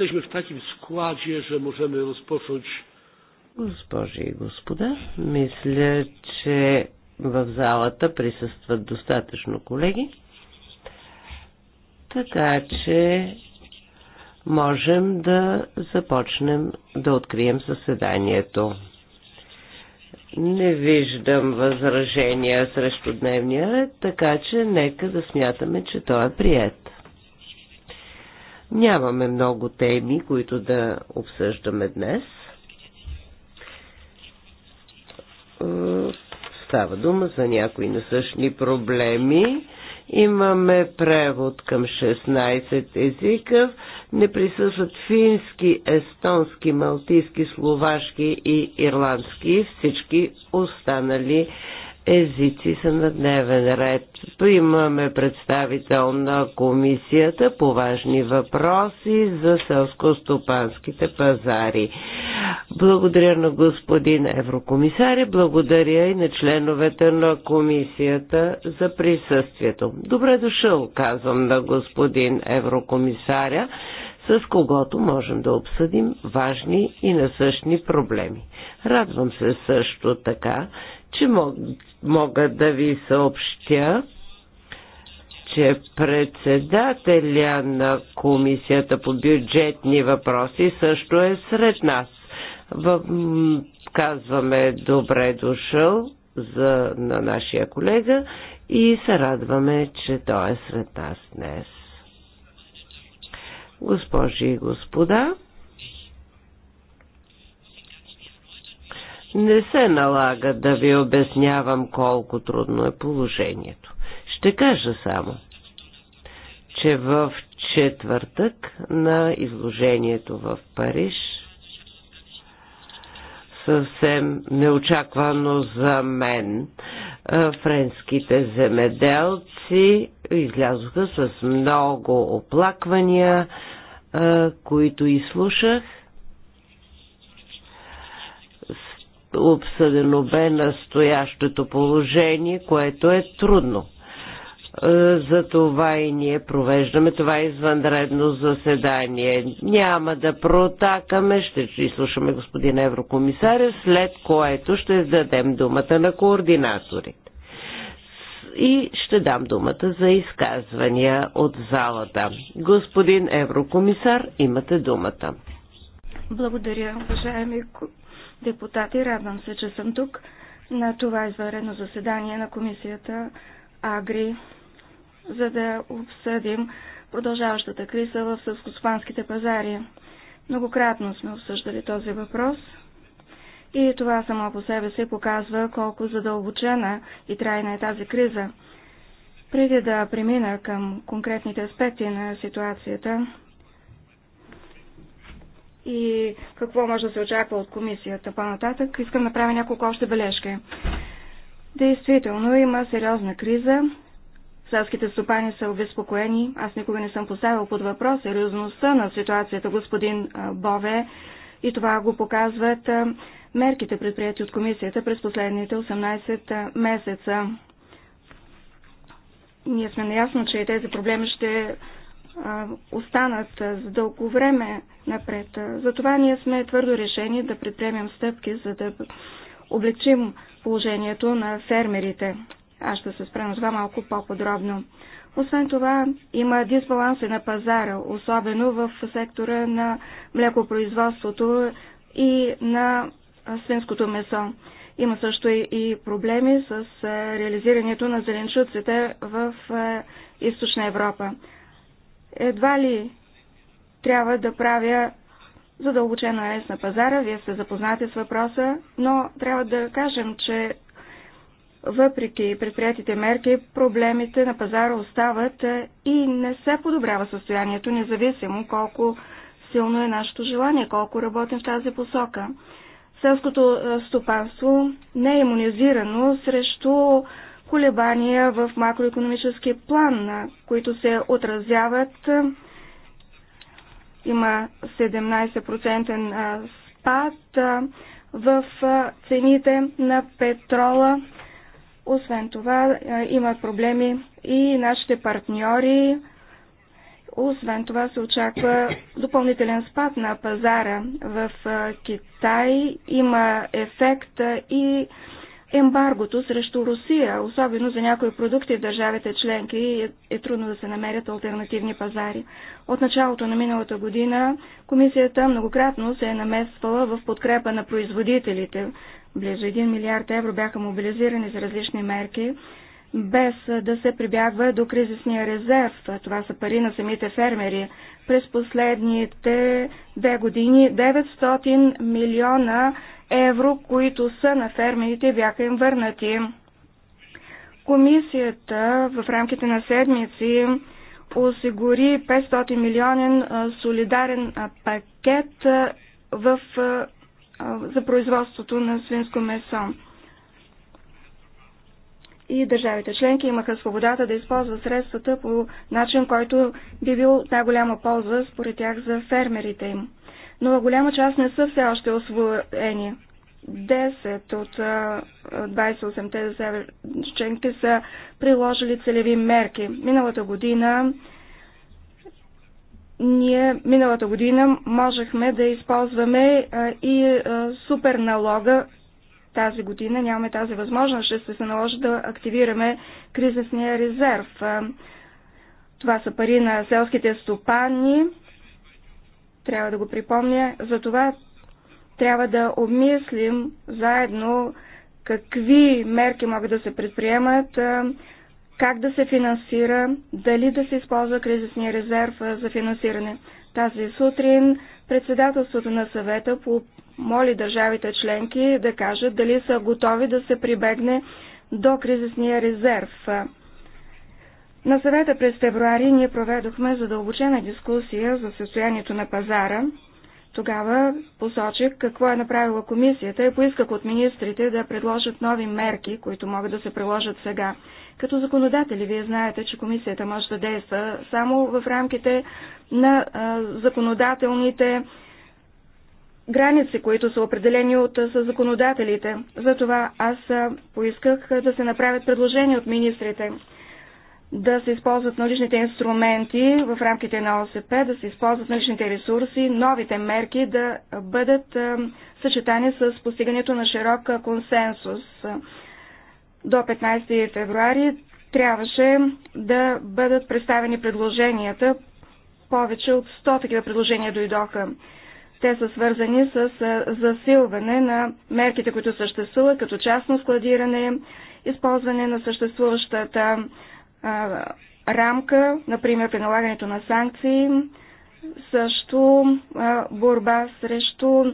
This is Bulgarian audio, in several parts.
jesteśmy w takim składzie, że możemy rozpocząć. Госпожи и господа, мисля, че в залата присъстват достатъчно колеги, така че можем да започнем да открием съседанието. Не виждам възражения срещу дневния ред, така че нека да смятаме, че той е прият. Нямаме много теми, които да обсъждаме днес. Е, става дума за някои насъщни проблеми. Имаме превод към 16 езика. Не присъстват фински, естонски, малтийски, словашки и ирландски. Всички останали езици са на дневен ред. То имаме представител на комисията по важни въпроси за селско-стопанските пазари. Благодаря на господин еврокомисаря, благодаря и на членовете на комисията за присъствието. Добре дошъл, казвам на господин еврокомисаря с когото можем да обсъдим важни и насъщни проблеми. Радвам се също така, че мога да ви съобщя, че председателя на Комисията по бюджетни въпроси също е сред нас. В... Казваме добре дошъл за... на нашия колега и се радваме, че той е сред нас днес. Госпожи и господа, Не се налага да ви обяснявам колко трудно е положението. Ще кажа само, че в четвъртък на изложението в Париж съвсем неочаквано за мен. Френските земеделци излязоха с много оплаквания, които изслушах обсъдено бе настоящото положение, което е трудно. Е, за това и ние провеждаме това извънредно заседание. Няма да протакаме, ще изслушаме господин еврокомисаря, след което ще дадем думата на координаторите. И ще дам думата за изказвания от залата. Господин еврокомисар, имате думата. Благодаря, уважаеми депутати. Радвам се, че съм тук на това изварено заседание на комисията Агри, за да обсъдим продължаващата криза в съвскоспанските пазари. Многократно сме обсъждали този въпрос и това само по себе се показва колко задълбочена и трайна е тази криза. Преди да премина към конкретните аспекти на ситуацията, и какво може да се очаква от комисията по-нататък, искам да направя няколко още бележки. Действително има сериозна криза. Селските стопани са обезпокоени. Аз никога не съм поставил под въпрос сериозността на ситуацията, господин Бове, и това го показват мерките, предприяти от комисията през последните 18 месеца. Ние сме наясно, че тези проблеми ще останат за дълго време напред. Затова ние сме твърдо решени да предприемем стъпки, за да облегчим положението на фермерите. Аз ще се спрем това малко по-подробно. Освен това, има дисбаланси на пазара, особено в сектора на млекопроизводството и на свинското месо. Има също и проблеми с реализирането на зеленчуците в източна Европа едва ли трябва да правя задълбочен анализ на пазара, вие сте запознати с въпроса, но трябва да кажем, че въпреки предприятите мерки, проблемите на пазара остават е, и не се подобрява състоянието, независимо колко силно е нашето желание, колко работим в тази посока. Селското е, стопанство не е иммунизирано срещу колебания в макроекономическия план, които се отразяват. Има 17% спад в цените на петрола. Освен това, имат проблеми и нашите партньори. Освен това се очаква допълнителен спад на пазара в Китай. Има ефект и ембаргото срещу Русия, особено за някои продукти в държавите членки е, е трудно да се намерят альтернативни пазари. От началото на миналата година комисията многократно се е намесвала в подкрепа на производителите. Близо 1 милиард евро бяха мобилизирани за различни мерки, без да се прибягва до кризисния резерв. Това са пари на самите фермери. През последните две години 900 милиона евро, които са на фермерите, бяха им върнати. Комисията в рамките на седмици осигури 500 милионен солидарен пакет в, за производството на свинско месо и държавите членки имаха свободата да използват средствата по начин, който би бил най-голяма полза според тях за фермерите им. Но голяма част не са все още освоени. 10 от 28-те държави членки са приложили целеви мерки. Миналата година ние миналата година можехме да използваме и супер налога тази година нямаме тази възможност, ще се наложи да активираме кризисния резерв. Това са пари на селските стопани. Трябва да го припомня. За това трябва да обмислим заедно какви мерки могат да се предприемат, как да се финансира, дали да се използва кризисния резерв за финансиране. Тази сутрин председателството на съвета по моли държавите членки да кажат дали са готови да се прибегне до кризисния резерв. На съвета през февруари ние проведохме задълбочена дискусия за състоянието на пазара. Тогава посочих какво е направила комисията и поисках от министрите да предложат нови мерки, които могат да се приложат сега. Като законодатели, вие знаете, че комисията може да действа само в рамките на законодателните граници, които са определени от законодателите. Затова аз поисках да се направят предложения от министрите да се използват наличните инструменти в рамките на ОСП, да се използват наличните ресурси, новите мерки да бъдат съчетани с постигането на широк консенсус. До 15 февруари трябваше да бъдат представени предложенията. Повече от 100 такива предложения дойдоха. Те са свързани с засилване на мерките, които съществуват, като частно складиране, използване на съществуващата а, рамка, например при налагането на санкции, също а, борба срещу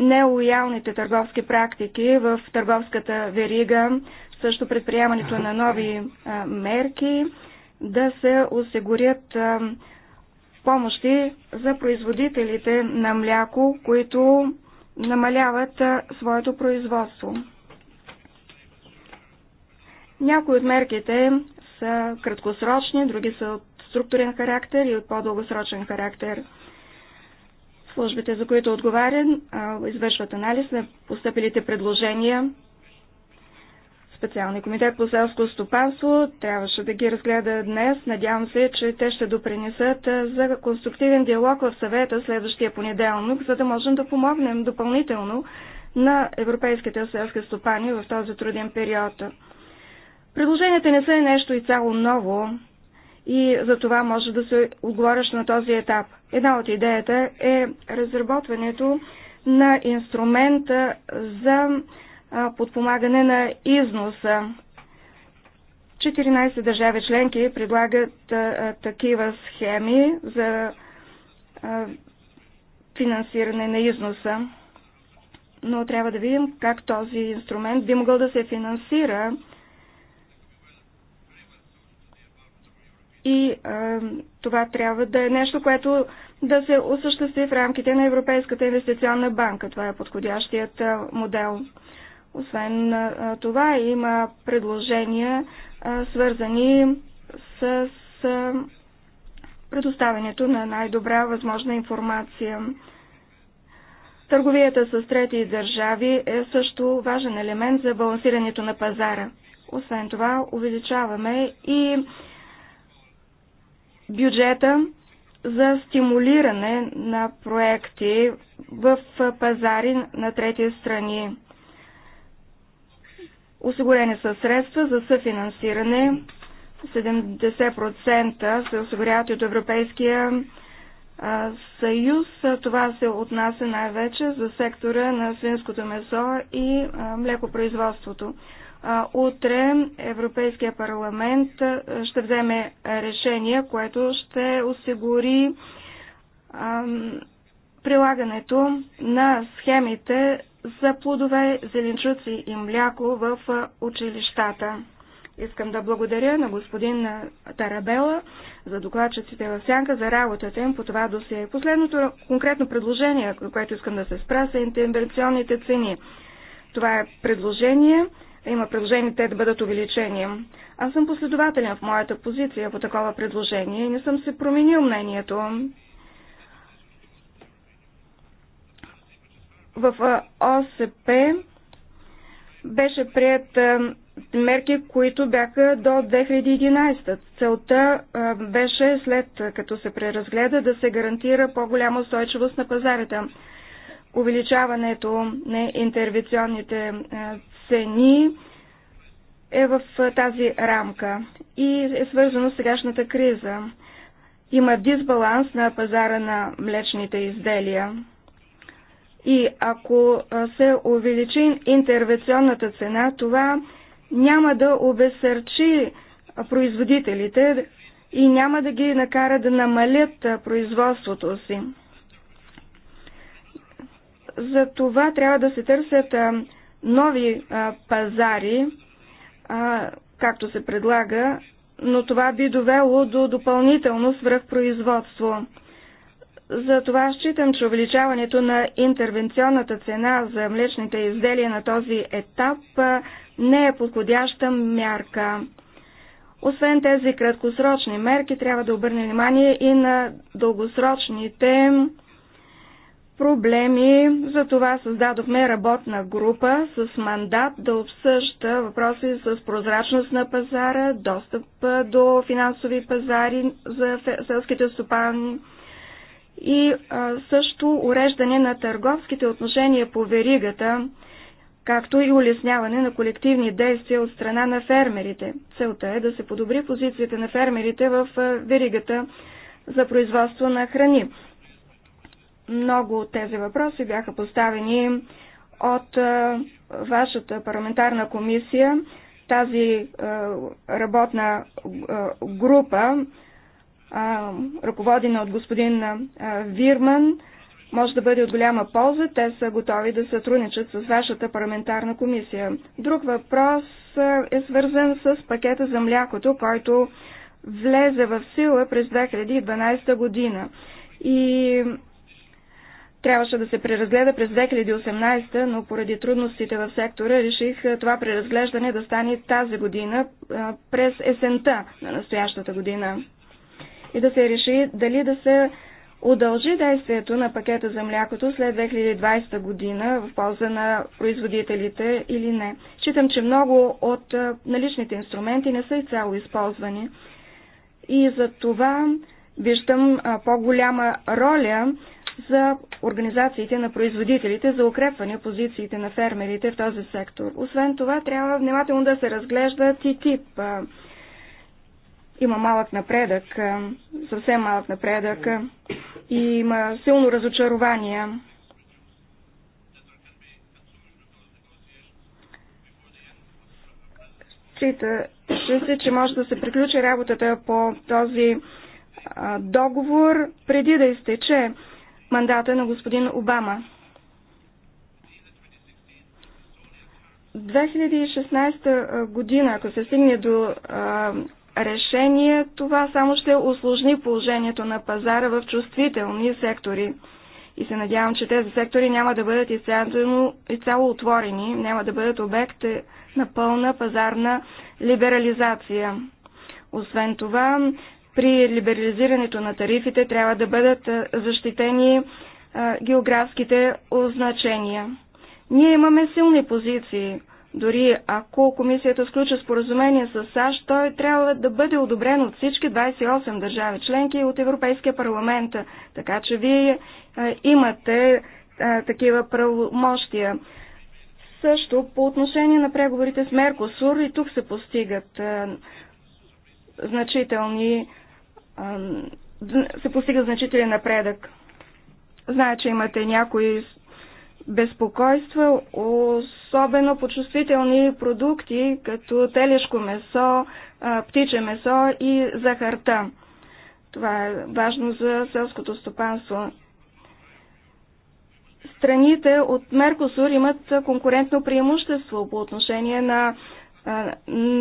нелоялните търговски практики в търговската верига, също предприемането на нови а, мерки, да се осигурят а, помощи за производителите на мляко, които намаляват своето производство. Някои от мерките са краткосрочни, други са от структурен характер и от по-дългосрочен характер. Службите, за които отговарям, извършват анализ на поступилите предложения специалния комитет по селско стопанство. Трябваше да ги разгледа днес. Надявам се, че те ще допринесат за конструктивен диалог в съвета следващия понеделник, за да можем да помогнем допълнително на европейските селски стопани в този труден период. Предложенията не са нещо и цяло ново и за това може да се отговориш на този етап. Една от идеята е разработването на инструмента за подпомагане на износа. 14 държави членки предлагат а, такива схеми за а, финансиране на износа. Но трябва да видим как този инструмент би могъл да се финансира и а, това трябва да е нещо, което да се осъществи в рамките на Европейската инвестиционна банка. Това е подходящият модел. Освен това има предложения, свързани с предоставянето на най-добра възможна информация. Търговията с трети държави е също важен елемент за балансирането на пазара. Освен това, увеличаваме и бюджета за стимулиране на проекти в пазари на трети страни. Осигурени са средства за съфинансиране. 70% се осигуряват от Европейския съюз. Това се отнася най-вече за сектора на свинското месо и млекопроизводството. Утре Европейския парламент ще вземе решение, което ще осигури прилагането на схемите за плодове, зеленчуци и мляко в училищата. Искам да благодаря на господин Тарабела за докладчиците в сянка за работата им по това досие. Последното конкретно предложение, което искам да се спра, са интервенционните цени. Това е предложение. Има предложение те да бъдат увеличени. Аз съм последователен в моята позиция по такова предложение и не съм се променил мнението. в ОСП беше прият мерки, които бяха до 2011. Целта беше след като се преразгледа да се гарантира по-голяма устойчивост на пазарите. Увеличаването на интервенционните цени е в тази рамка и е свързано с сегашната криза. Има дисбаланс на пазара на млечните изделия и ако се увеличи интервенционната цена, това няма да обесърчи производителите и няма да ги накара да намалят производството си. За това трябва да се търсят нови пазари, както се предлага, но това би довело до допълнително свръхпроизводство. За това считам, че увеличаването на интервенционната цена за млечните изделия на този етап не е подходяща мярка. Освен тези краткосрочни мерки, трябва да обърне внимание и на дългосрочните проблеми. За това създадохме работна група с мандат да обсъжда въпроси с прозрачност на пазара, достъп до финансови пазари за селските стопани, и също уреждане на търговските отношения по веригата, както и улесняване на колективни действия от страна на фермерите. Целта е да се подобри позицията на фермерите в веригата за производство на храни. Много от тези въпроси бяха поставени от вашата парламентарна комисия. Тази работна група ръководена от господин Вирман, може да бъде от голяма полза. Те са готови да сътрудничат с вашата парламентарна комисия. Друг въпрос е свързан с пакета за млякото, който влезе в сила през 2012 година и трябваше да се преразгледа през 2018, но поради трудностите в сектора реших това преразглеждане да стане тази година, през есента на настоящата година и да се реши дали да се удължи действието на пакета за млякото след 2020 година в полза на производителите или не. Считам, че много от наличните инструменти не са изцяло използвани и за това виждам по-голяма роля за организациите на производителите за укрепване позициите на фермерите в този сектор. Освен това, трябва внимателно да се разглежда ТИТИП. Има малък напредък, съвсем малък напредък и има силно разочарование. че се, че може да се приключи работата по този договор преди да изтече мандата на господин Обама. 2016 година, ако се стигне до решение, това само ще усложни положението на пазара в чувствителни сектори. И се надявам, че тези сектори няма да бъдат изцяло, изцяло отворени, няма да бъдат обект на пълна пазарна либерализация. Освен това, при либерализирането на тарифите трябва да бъдат защитени географските означения. Ние имаме силни позиции дори ако комисията сключи споразумение с САЩ, той трябва да бъде одобрен от всички 28 държави членки и от Европейския парламент. Така че вие е, имате е, такива правомощия. Също по отношение на преговорите с Меркосур и тук се постигат е, значителни се постига значителен напредък. Знае, че имате някои безпокойства, особено по чувствителни продукти, като телешко месо, птиче месо и захарта. Това е важно за селското стопанство. Страните от Меркосур имат конкурентно преимущество по отношение на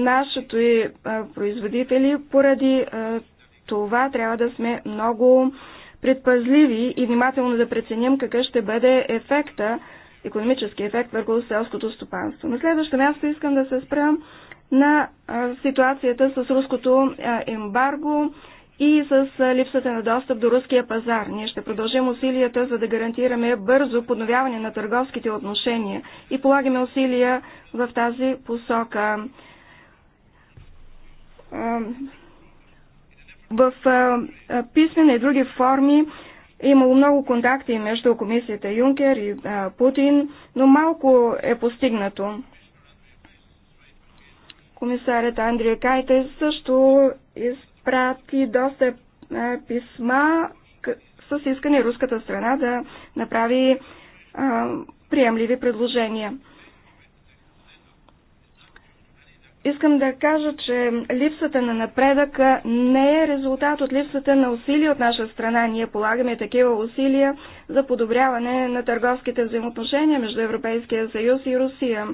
нашето и производители. Поради това трябва да сме много предпазливи и внимателно да преценим какъв ще бъде ефекта економически ефект върху селското стопанство. На следващо място искам да се спра на ситуацията с руското ембарго и с липсата на достъп до руския пазар. Ние ще продължим усилията, за да гарантираме бързо подновяване на търговските отношения и полагаме усилия в тази посока. В писмена и други форми е имало много контакти между комисията Юнкер и а, Путин, но малко е постигнато. Комисарят Андрия Кайте също изпрати доста а, писма с искане руската страна да направи а, приемливи предложения. Искам да кажа, че липсата на напредък не е резултат от липсата на усилия от наша страна. Ние полагаме такива усилия за подобряване на търговските взаимоотношения между Европейския съюз и Русия.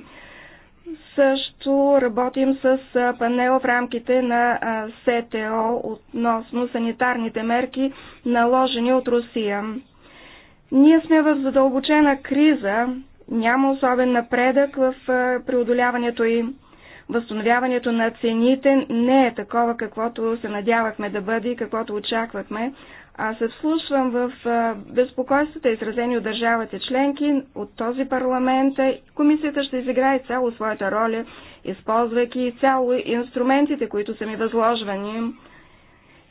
Също работим с панел в рамките на СТО относно санитарните мерки, наложени от Русия. Ние сме в задълбочена криза, няма особен напредък в преодоляването им възстановяването на цените не е такова, каквото се надявахме да бъде и каквото очаквахме. Аз се вслушвам в безпокойствата, изразени от държавата, членки, от този парламент. Комисията ще изиграе цяло своята роля, използвайки цяло инструментите, които са ми възложвани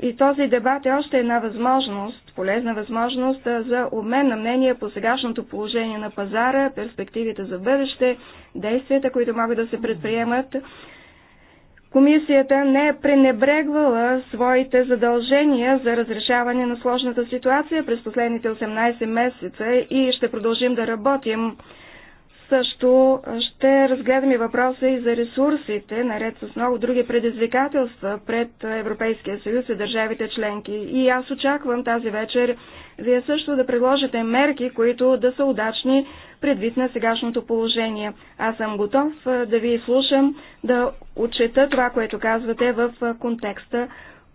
и този дебат е още една възможност, полезна възможност за обмен на мнение по сегашното положение на пазара, перспективите за бъдеще, действията, които могат да се предприемат. Комисията не е пренебрегвала своите задължения за разрешаване на сложната ситуация през последните 18 месеца и ще продължим да работим също ще разгледаме въпроса и за ресурсите, наред с много други предизвикателства пред Европейския съюз и държавите членки. И аз очаквам тази вечер вие също да предложите мерки, които да са удачни предвид на сегашното положение. Аз съм готов да ви слушам, да отчета това, което казвате в контекста,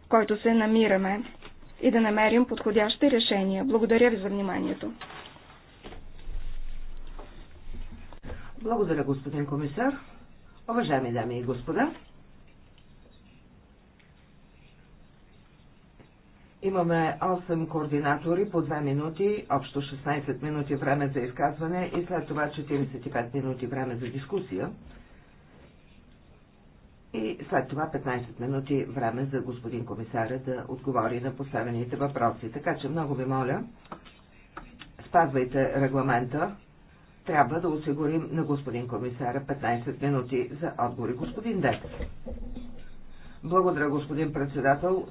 в който се намираме и да намерим подходящи решения. Благодаря ви за вниманието. Благодаря, господин комисар. Уважаеми дами и господа, Имаме 8 координатори по 2 минути, общо 16 минути време за изказване и след това 45 минути време за дискусия. И след това 15 минути време за господин комисаря да отговори на поставените въпроси. Така че много ви моля, спазвайте регламента трябва да осигурим на господин комисара 15 минути за отговори. Господин Дек. Благодаря, господин председател.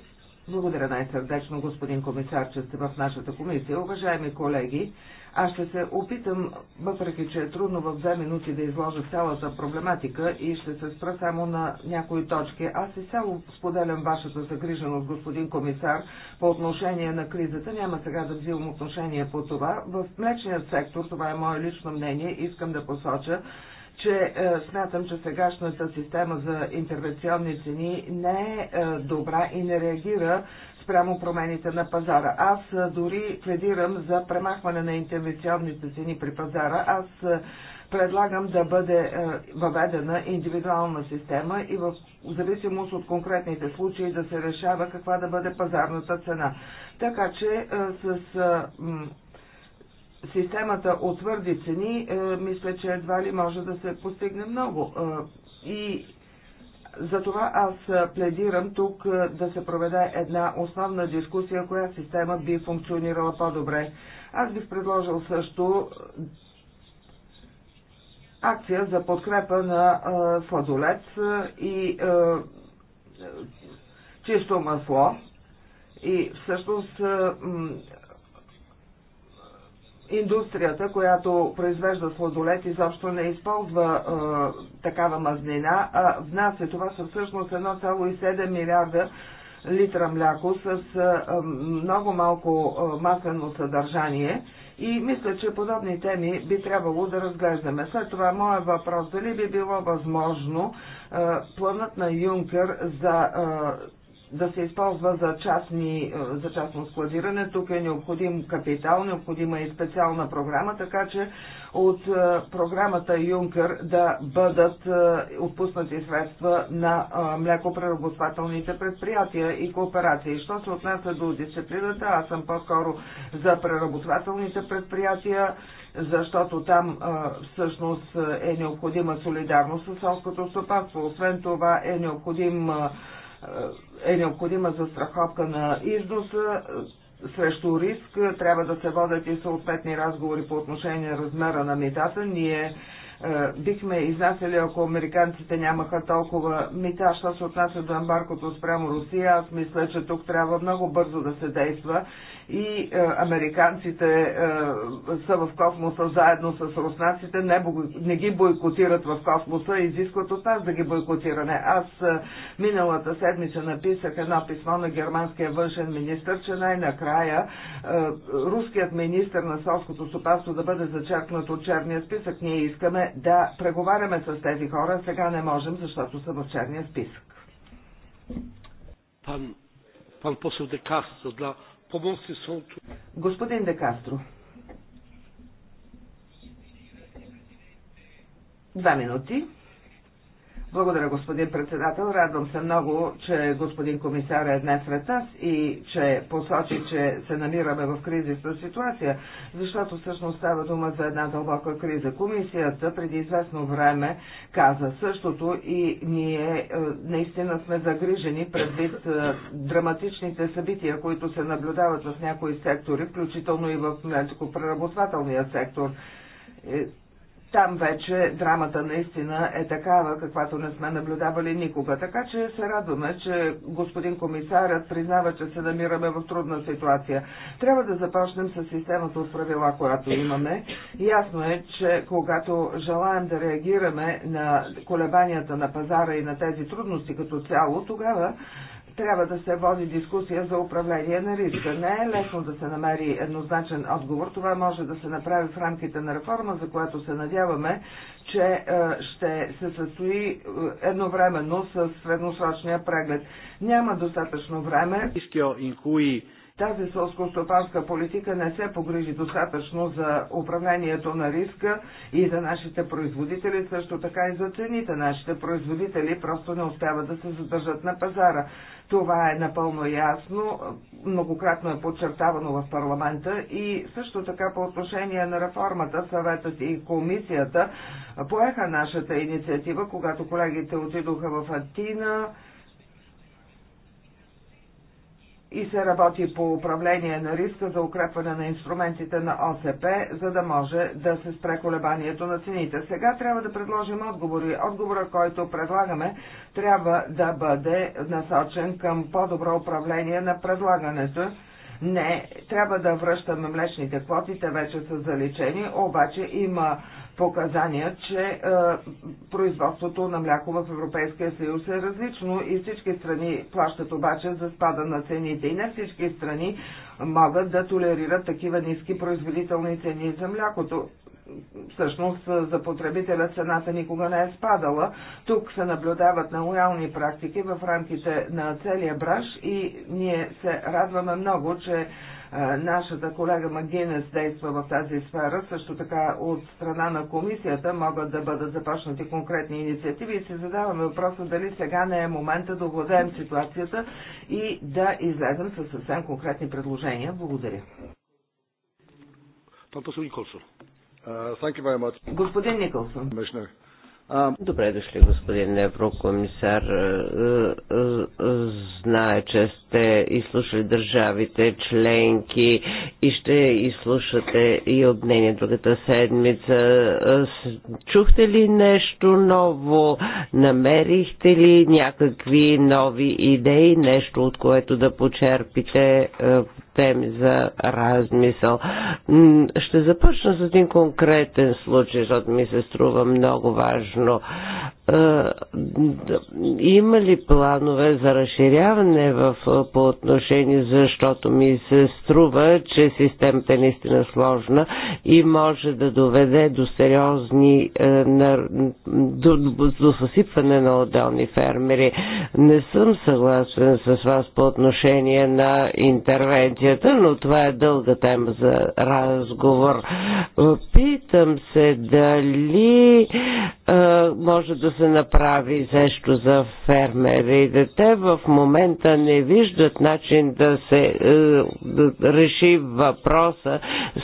Благодаря най-сърдечно, господин комисар, че сте в нашата комисия. Уважаеми колеги, аз ще се опитам, въпреки че е трудно в две минути да изложа цялата проблематика и ще се спра само на някои точки. Аз изцяло споделям вашата загриженост, господин комисар, по отношение на кризата. Няма сега да взимам отношение по това. В млечният сектор, това е мое лично мнение, искам да посоча, че е, смятам, че сегашната система за интервенционни цени не е, е добра и не реагира спрямо промените на пазара. Аз е, дори пледирам за премахване на интервенционните цени при пазара. Аз предлагам да бъде въведена индивидуална система и в зависимост от конкретните случаи да се решава каква да бъде пазарната цена. Така че с системата от твърди цени, е, мисля, че едва ли може да се постигне много. Е, и затова аз пледирам тук е, да се проведе една основна дискусия, коя система би функционирала по-добре. Аз бих предложил също акция за подкрепа на фазолет и чисто масло. И всъщност индустрията, която произвежда сладолет, изобщо не използва а, такава мазнина, а внася. Това са всъщност 1,7 милиарда литра мляко с а, много малко а, маслено съдържание. И мисля, че подобни теми би трябвало да разглеждаме. След това моя въпрос, дали би било възможно а, планът на Юнкер за а, да се използва за, частни, е, за частно складиране. Тук е необходим капитал, необходима е и специална програма, така че от е, програмата Юнкър да бъдат отпуснати средства на млекопреработвателните предприятия и кооперации. Що се отнася до дисциплината, аз съм по-скоро за преработвателните предприятия защото там а, всъщност е необходима солидарност с селското стопанство. Освен това е необходим а, е, е необходима застраховка на износа е, срещу риск. Трябва да се водят и съответни разговори по отношение на размера на митата. Ние е, бихме изнасяли, ако американците нямаха толкова мита, що се отнася до ембаркото спрямо Русия. Аз мисля, че тук трябва много бързо да се действа и е, американците е, са в космоса заедно с руснаците, не, не ги бойкотират в космоса и изискват от нас да ги бойкотираме. Аз е, миналата седмица написах едно писмо на германския външен министр, че най-накрая руският министр на селското стопанство да бъде зачеркнат от черния списък. Ние искаме да преговаряме с тези хора, сега не можем, защото са в черния списък. Пан, пан посел Декастро, да Помогте Господин Де Кастро. Два минути. Благодаря, господин председател. Радвам се много, че господин комисар е днес сред нас и че посочи, че се намираме в кризисна ситуация, защото всъщност става дума за една дълбока криза. Комисията преди известно време каза същото и ние е, наистина сме загрижени предвид е, драматичните събития, които се наблюдават в някои сектори, включително и в преработвателния сектор е, там вече драмата наистина е такава, каквато не сме наблюдавали никога. Така че се радваме, че господин комисарът признава, че се намираме в трудна ситуация. Трябва да започнем с системата от правила, която имаме. Ясно е, че когато желаем да реагираме на колебанията на пазара и на тези трудности като цяло, тогава трябва да се води дискусия за управление на риска. Не е лесно да се намери еднозначен отговор. Това може да се направи в рамките на реформа, за която се надяваме, че е, ще се състои е, едновременно с средносрочния преглед. Няма достатъчно време тази солско-стопанска политика не се погрижи достатъчно за управлението на риска и за нашите производители, също така и за цените. Нашите производители просто не успяват да се задържат на пазара. Това е напълно ясно, многократно е подчертавано в парламента и също така по отношение на реформата, съветът и комисията поеха нашата инициатива, когато колегите отидоха в Атина и се работи по управление на риска за укрепване на инструментите на ОСП, за да може да се спре колебанието на цените. Сега трябва да предложим отговори. Отговора, който предлагаме, трябва да бъде насочен към по-добро управление на предлагането. Не, трябва да връщаме млечните квоти, те вече са заличени, обаче има показания, че е, производството на мляко в Европейския съюз е различно и всички страни плащат обаче за спада на цените и не всички страни могат да толерират такива ниски производителни цени за млякото всъщност е, за потребителя цената никога не е спадала. Тук се наблюдават лоялни практики в рамките на целия браш и ние се радваме много, че е, Нашата колега Магинес действа в тази сфера. Също така от страна на комисията могат да бъдат започнати конкретни инициативи и се задаваме въпроса дали сега не е момента да овладеем ситуацията и да излезем със съвсем конкретни предложения. Благодаря. Господин Николсон. Господин Николсон. Добре дошли, господин Еврокомисар. Е, е, е, знае, че сте изслушали държавите, членки и ще изслушате и от мнение другата седмица. Чухте ли нещо ново? Намерихте ли някакви нови идеи, нещо от което да почерпите теми за размисъл. Ще започна с един конкретен случай, защото ми се струва много важно. Е, има ли планове за разширяване в, по отношение, защото ми се струва, че системата е наистина сложна и може да доведе до сериозни е, до, до съсипване на отделни фермери. Не съм съгласен с вас по отношение на интервенция събитията, но това е дълга тема за разговор. Питам се дали а, може да се направи нещо за и дете в момента не виждат начин да се а, да реши въпроса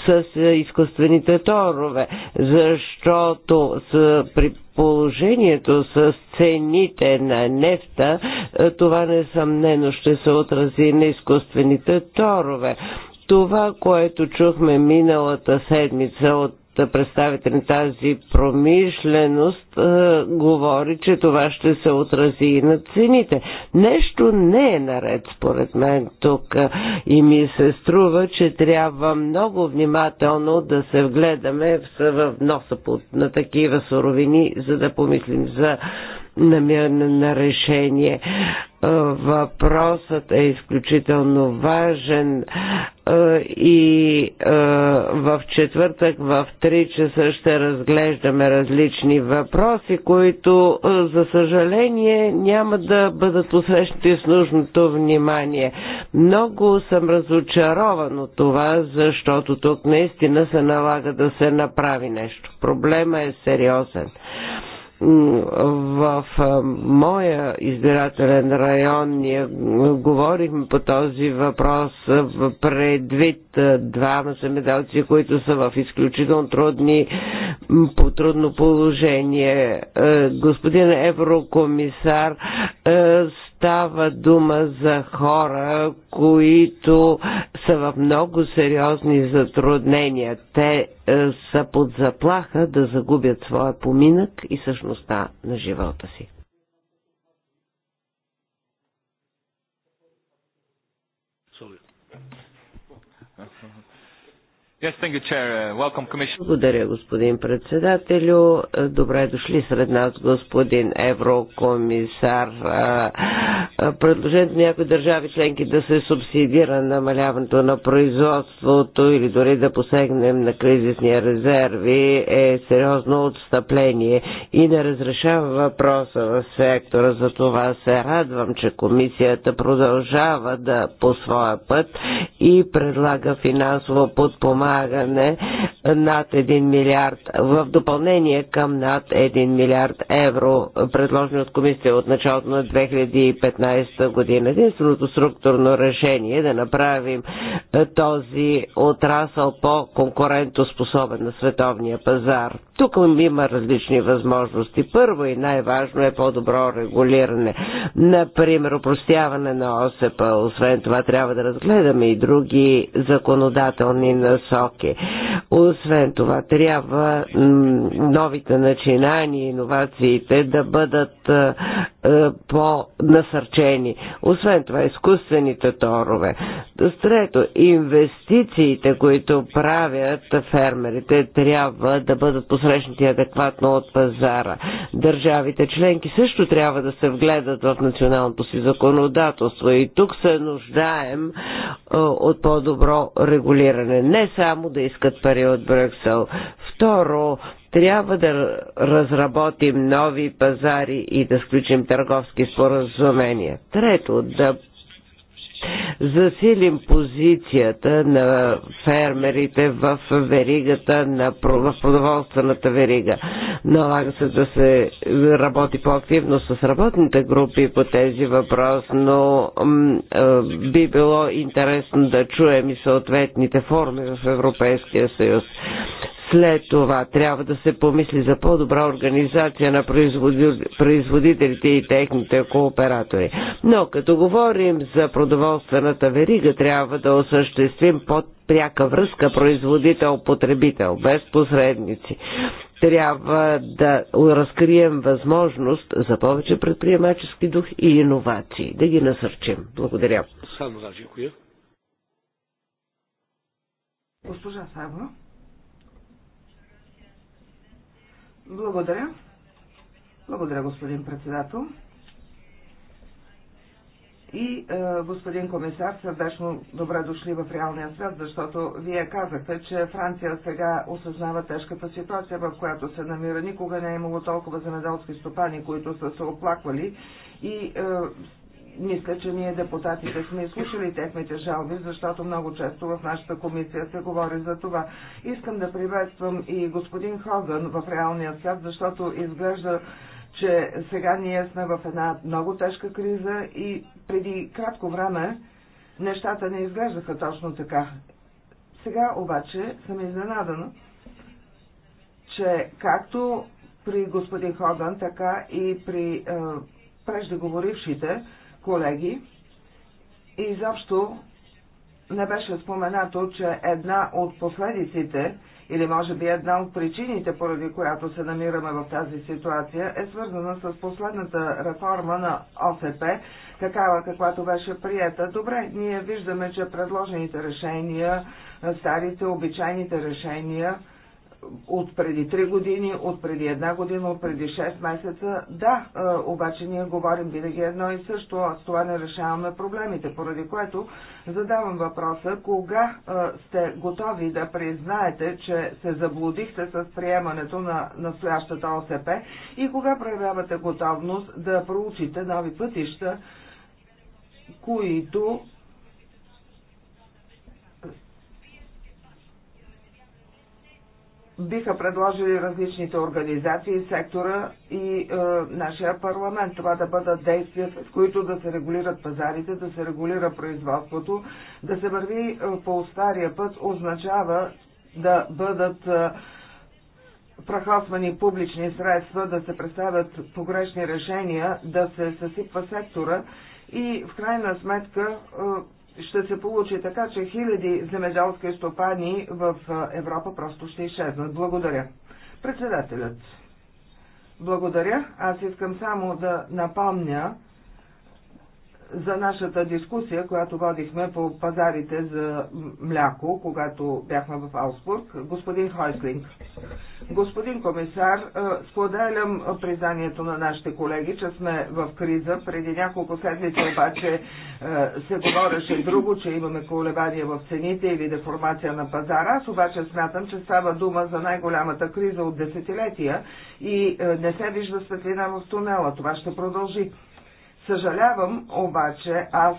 с изкуствените торове, защото с, при положението с цените на нефта, е, това несъмнено ще се отрази на изкуствените торове. Това, което чухме миналата седмица от представител на тази промишленост е, говори, че това ще се отрази и на цените. Нещо не е наред според мен тук е, и ми се струва, че трябва много внимателно да се вгледаме в носа на такива суровини, за да помислим за намиране на решение. Въпросът е изключително важен и в четвъртък в 3 часа ще разглеждаме различни въпроси, които за съжаление няма да бъдат усещани с нужното внимание. Много съм разочарован от това, защото тук наистина се налага да се направи нещо. Проблема е сериозен в моя избирателен район ние говорихме по този въпрос предвид двама земеделци, които са в изключително трудни, по трудно положение. Господин еврокомисар, става дума за хора, които са в много сериозни затруднения. Те е, са под заплаха да загубят своя поминък и същността на живота си. Yes, thank you, chair. Uh, welcome, Благодаря, господин председателю. Е, добре дошли сред нас, господин еврокомисар. Е, е, предложението на някои държави членки да се субсидира намаляването на производството или дори да посегнем на кризисни резерви е сериозно отстъпление и не разрешава въпроса в сектора. За това се радвам, че комисията продължава да по своя път и предлага финансово подпомагане подпомагане над 1 милиард, в допълнение към над 1 милиард евро, предложено от комисия от началото на 2015 година. Единственото структурно решение е да направим е, този отрасъл по-конкурентоспособен на световния пазар. Тук има различни възможности. Първо и най-важно е по-добро регулиране. Например, упростяване на ОСЕПа. Освен това трябва да разгледаме и други законодателни насоки високи. Освен това, трябва новите начинания, иновациите да бъдат е, по-насърчени. Освен това, изкуствените торове. Трето, инвестициите, които правят фермерите, трябва да бъдат посрещнати адекватно от пазара. Държавите членки също трябва да се вгледат в националното си законодателство и тук се нуждаем е, от по-добро регулиране. Не само да искат пари от Брюксел. Второ, трябва да разработим нови пазари и да сключим търговски споразумения. Трето, да засилим позицията на фермерите в веригата, на, в продоволствената верига. Налага се да се работи по-активно с работните групи по тези въпрос, но би било интересно да чуем и съответните форми в Европейския съюз. След това трябва да се помисли за по-добра организация на производителите и техните кооператори. Но като говорим за продоволствената верига, трябва да осъществим под пряка връзка производител-потребител, без посредници трябва да разкрием възможност за повече предприемачески дух и иновации. Да ги насърчим. Благодаря. Госпожа Савва. Благодаря. Благодаря, господин председател. И е, господин комисар, сърдечно добре дошли в реалния свят, защото вие казахте, че Франция сега осъзнава тежката ситуация, в която се намира. Никога не е имало толкова земеделски стопани, които са се оплаквали и е, мисля, че ние депутатите сме изслушали техните жалби, защото много често в нашата комисия се говори за това. Искам да приветствам и господин Хоган в реалния свят, защото изглежда че сега ние сме в една много тежка криза и преди кратко време нещата не изглеждаха точно така. Сега обаче съм изненадана, че както при господин Хоган, така и при е, преждеговорившите, колеги. И изобщо не беше споменато, че една от последиците или може би една от причините, поради която се намираме в тази ситуация, е свързана с последната реформа на ОСП, такава каквато беше приета. Добре, ние виждаме, че предложените решения, старите обичайните решения, от преди 3 години, от преди една година, от преди 6 месеца. Да, обаче ние говорим винаги едно и също, а с това не решаваме проблемите, поради което задавам въпроса, кога сте готови да признаете, че се заблудихте с приемането на настоящата ОСП и кога проявявате готовност да проучите нови пътища, които биха предложили различните организации, сектора и е, нашия парламент. Това да бъдат действия, с които да се регулират пазарите, да се регулира производството, да се върви е, по стария път, означава да бъдат е, прахосвани публични средства, да се представят погрешни решения, да се съсипва сектора и в крайна сметка е, ще се получи така, че хиляди земеделски стопани в Европа просто ще изчезнат. Благодаря. Председателят. Благодаря. Аз искам само да напомня, за нашата дискусия, която водихме по пазарите за мляко, когато бяхме в Аугсбург, господин Хойслинг. Господин комисар, е, споделям признанието на нашите колеги, че сме в криза. Преди няколко седмици обаче е, се говореше друго, че имаме колебания в цените или деформация на пазара. Аз обаче смятам, че става дума за най-голямата криза от десетилетия и е, не се вижда светлина в тунела. Това ще продължи. Съжалявам, обаче аз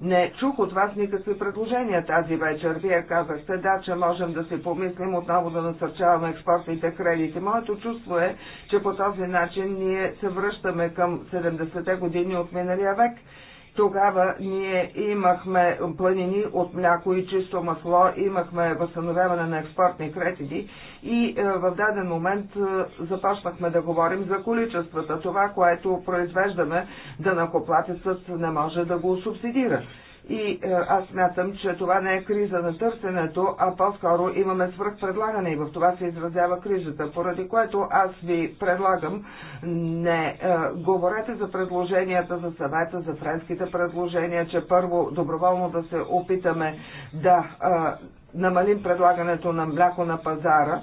не чух от вас никакви предложения тази вечер. Вие казахте, да, че можем да си помислим отново да насърчаваме експортните кредити. Моето чувство е, че по този начин ние се връщаме към 70-те години от миналия век. Тогава ние имахме планини от мляко и чисто масло, имахме възстановяване на експортни кредити и е, в даден момент е, започнахме да говорим за количествата. Това, което произвеждаме, да накоплатецът не може да го субсидира. И е, аз мятам, че това не е криза на търсенето, а по-скоро имаме свръхпредлагане и в това се изразява кризата, поради което аз ви предлагам не е, говорете за предложенията за съвета, за френските предложения, че първо доброволно да се опитаме да е, намалим предлагането на мляко на пазара,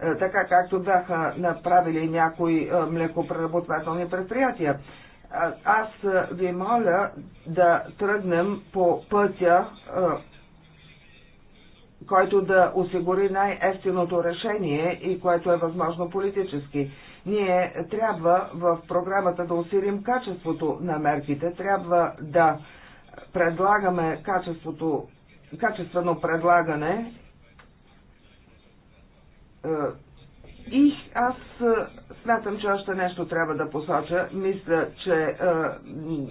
е, така както бяха направили някои е, млекопреработвателни предприятия. Аз ви моля да тръгнем по пътя, който да осигури най-ефтиното решение и което е възможно политически. Ние трябва в програмата да усилим качеството на мерките, трябва да предлагаме качеството, качествено предлагане и аз смятам, че още нещо трябва да посоча. Мисля, че а,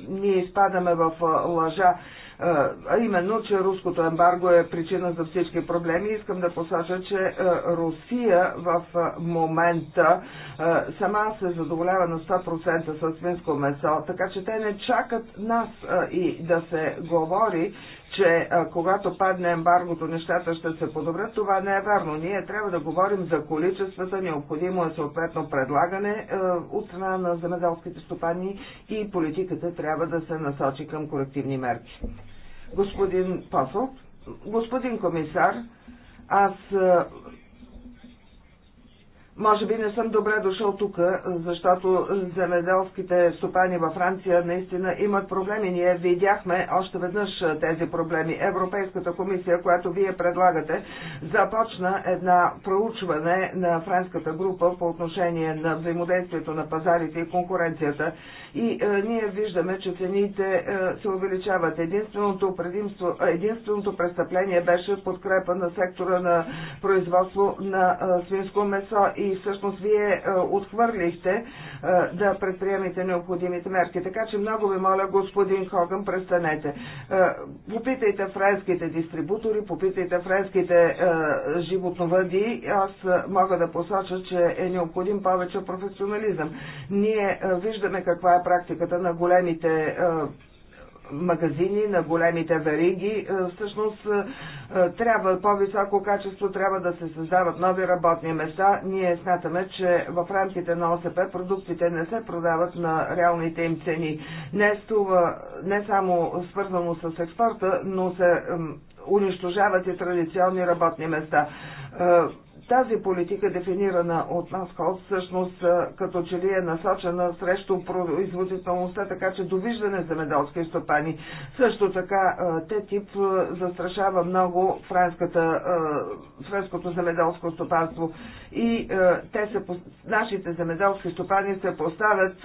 ние изпадаме в лъжа, а именно, че руското ембарго е причина за всички проблеми. Искам да посоча, че а, Русия в момента а, сама се задоволява на 100% с свинско месо, така че те не чакат нас а, и да се говори, че а, когато падне ембаргото, нещата ще се подобрят, това не е вярно. Ние трябва да говорим за количествата, необходимо е съответно предлагане а, от страна на земеделските стопани и политиката трябва да се насочи към корективни мерки. Господин Пасов, господин комисар, аз може би не съм добре дошъл тук, защото земеделските стопани във Франция наистина имат проблеми. Ние видяхме още веднъж тези проблеми. Европейската комисия, която вие предлагате, започна една проучване на френската група по отношение на взаимодействието на пазарите и конкуренцията. И е, ние виждаме, че цените е, се увеличават. Единственото, предимство, единственото престъпление беше подкрепа на сектора на производство на е, свинско месо и всъщност вие е, отхвърлихте е, да предприемете необходимите мерки. Така че много ви моля, господин Хоган, престанете. Е, попитайте френските дистрибутори, попитайте френските животновъди. Аз мога да посоча, че е необходим повече професионализъм. Ние виждаме каква е практиката на големите магазини, на големите вериги. Е, всъщност е, е, трябва по-високо качество, трябва да се създават нови работни места. Ние смятаме, че в рамките на ОСП продуктите не се продават на реалните им цени. Не, стува, не само свързано с експорта, но се унищожават и традиционни работни места тази политика, дефинирана от нас ход, всъщност като че ли е насочена срещу производителността, така че довиждане земеделски стопани. Също така те тип застрашава много френската, френското замедалско стопанство и те се, нашите земеделски стопани се поставят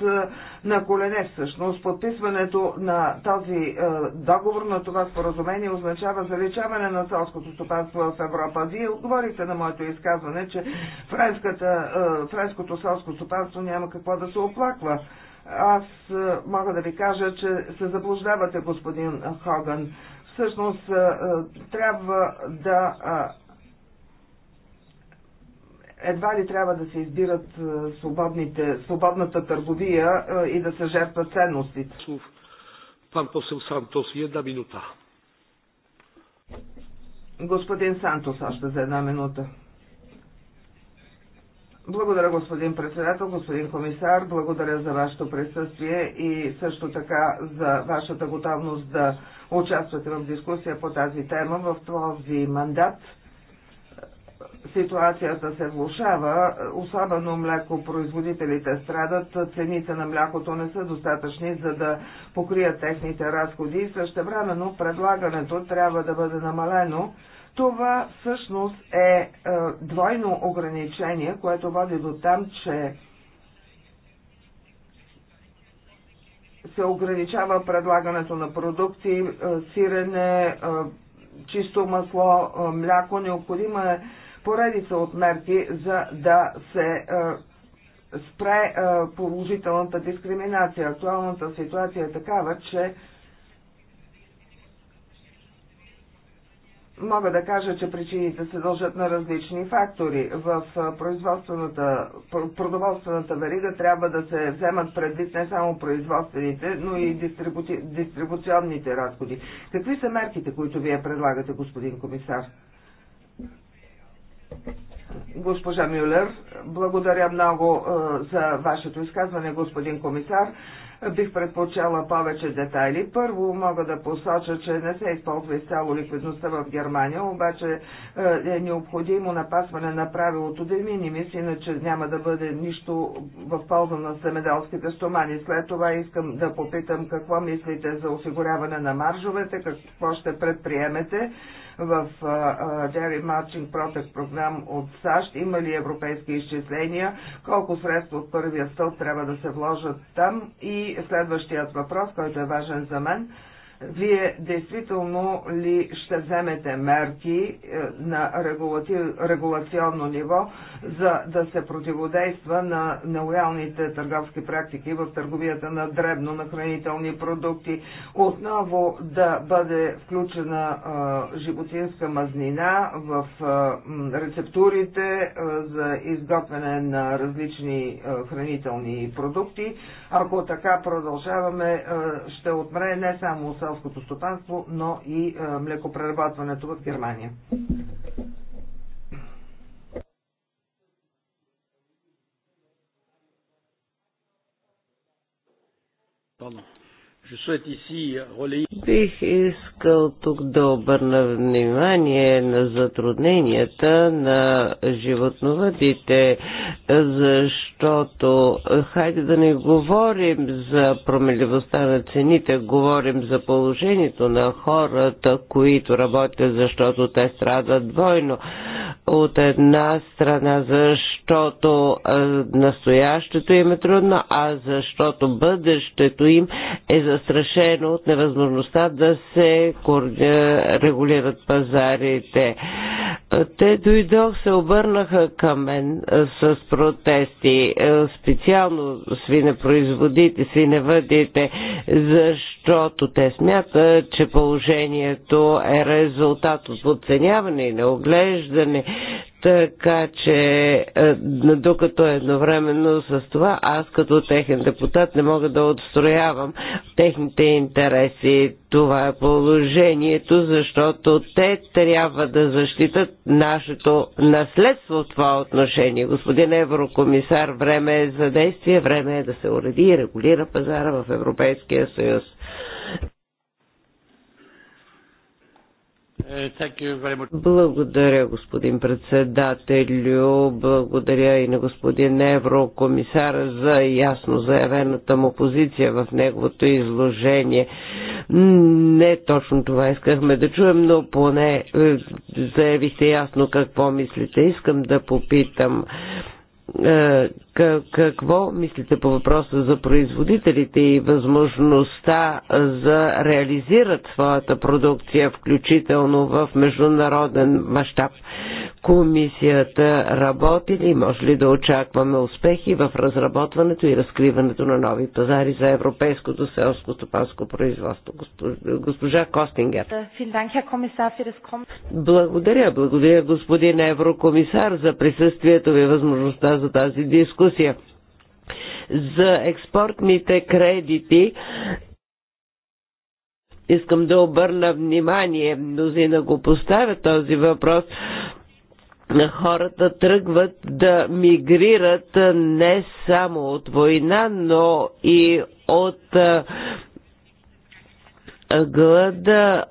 на колене всъщност. Подписването на този договор, на това споразумение означава заличаване на селското стопанство в Европа. Вие отговорите на моето искане изказване, че френската, е, френското селско стопанство няма какво да се оплаква. Аз е, мога да ви кажа, че се заблуждавате, господин Хоган. Всъщност е, трябва да едва ли трябва да се избират свободните, свободната търговия и да се жертват ценностите. Пан посел Сантос, една минута. Господин Сантос, още за една минута. Благодаря, господин председател, господин комисар. Благодаря за вашето присъствие и също така за вашата готовност да участвате в дискусия по тази тема в този мандат. Ситуацията се влушава, особено млекопроизводителите страдат, цените на млякото не са достатъчни за да покрият техните разходи и времено предлагането трябва да бъде намалено това всъщност е, е двойно ограничение, което води до там, че се ограничава предлагането на продукти, е, сирене, е, чисто масло, мляко. Необходима е поредица от мерки, за да се спре положителната дискриминация. Актуалната ситуация е такава, че Мога да кажа, че причините се дължат на различни фактори. В производствената, продоволствената верига трябва да се вземат предвид не само производствените, но и дистрибути, дистрибуционните разходи. Какви са мерките, които вие предлагате, господин комисар? Госпожа Мюлер, благодаря много за вашето изказване, господин комисар бих предпочела повече детайли. Първо мога да посоча, че не се използва изцяло ликвидността в Германия, обаче е, е необходимо напасване на правилото да минимис, иначе няма да бъде нищо в полза на семеделските стомани. След това искам да попитам какво мислите за осигуряване на маржовете, какво ще предприемете в Dairy Matching Protect програм от САЩ? Има ли европейски изчисления? Колко средства от първия стълб трябва да се вложат там? И следващият въпрос, който е важен за мен – вие действително ли ще вземете мерки е, на регулационно ниво, за да се противодейства на нелоялните търговски практики в търговията на дребно на хранителни продукти, отново да бъде включена е, животинска мазнина в е, рецептурите за изготвяне на различни хранителни продукти, ако така продължаваме, е, ще отмре не само селското стопанство, но и е, млекопреработването в Германия. Пълно. Бих искал тук да обърна внимание на затрудненията на животновъдите, защото хайде да не говорим за промеливостта на цените, говорим за положението на хората, които работят, защото те страдат двойно. От една страна, защото настоящето им е трудно, а защото бъдещето им е за застрашено от невъзможността да се е, регулират пазарите. Те дойдох, се обърнаха към мен е, с протести, е, специално свинепроизводите, свиневъдите, защото те смятат, че положението е резултат от подценяване и неоглеждане. Така че, е, докато е едновременно с това, аз като техен депутат не мога да отстроявам техните интереси. Това е положението, защото те трябва да защитат нашето наследство в това отношение. Господин Еврокомисар, време е за действие, време е да се уреди и регулира пазара в Европейския съюз. Благодаря, господин председателю. Благодаря и на господин еврокомисар за ясно заявената му позиция в неговото изложение. Не точно това искахме да чуем, но поне е, заявихте ясно какво мислите. Искам да попитам е, какво мислите по въпроса за производителите и възможността за реализират своята продукция, включително в международен мащаб? Комисията работи ли? Може ли да очакваме успехи в разработването и разкриването на нови пазари за европейското селско стопанско производство? Госпожа Костингер. Благодаря, благодаря господин еврокомисар за присъствието ви и възможността за тази дискусия дискусия. За експортните кредити искам да обърна внимание, мнозина го поставя този въпрос, хората тръгват да мигрират не само от война, но и от глада,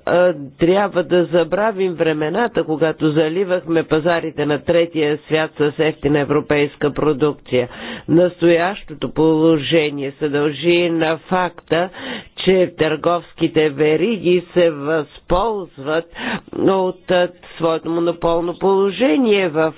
трябва да забравим времената, когато заливахме пазарите на третия свят с ефтина европейска продукция. Настоящото положение се дължи на факта, че търговските вериги се възползват от своето монополно положение в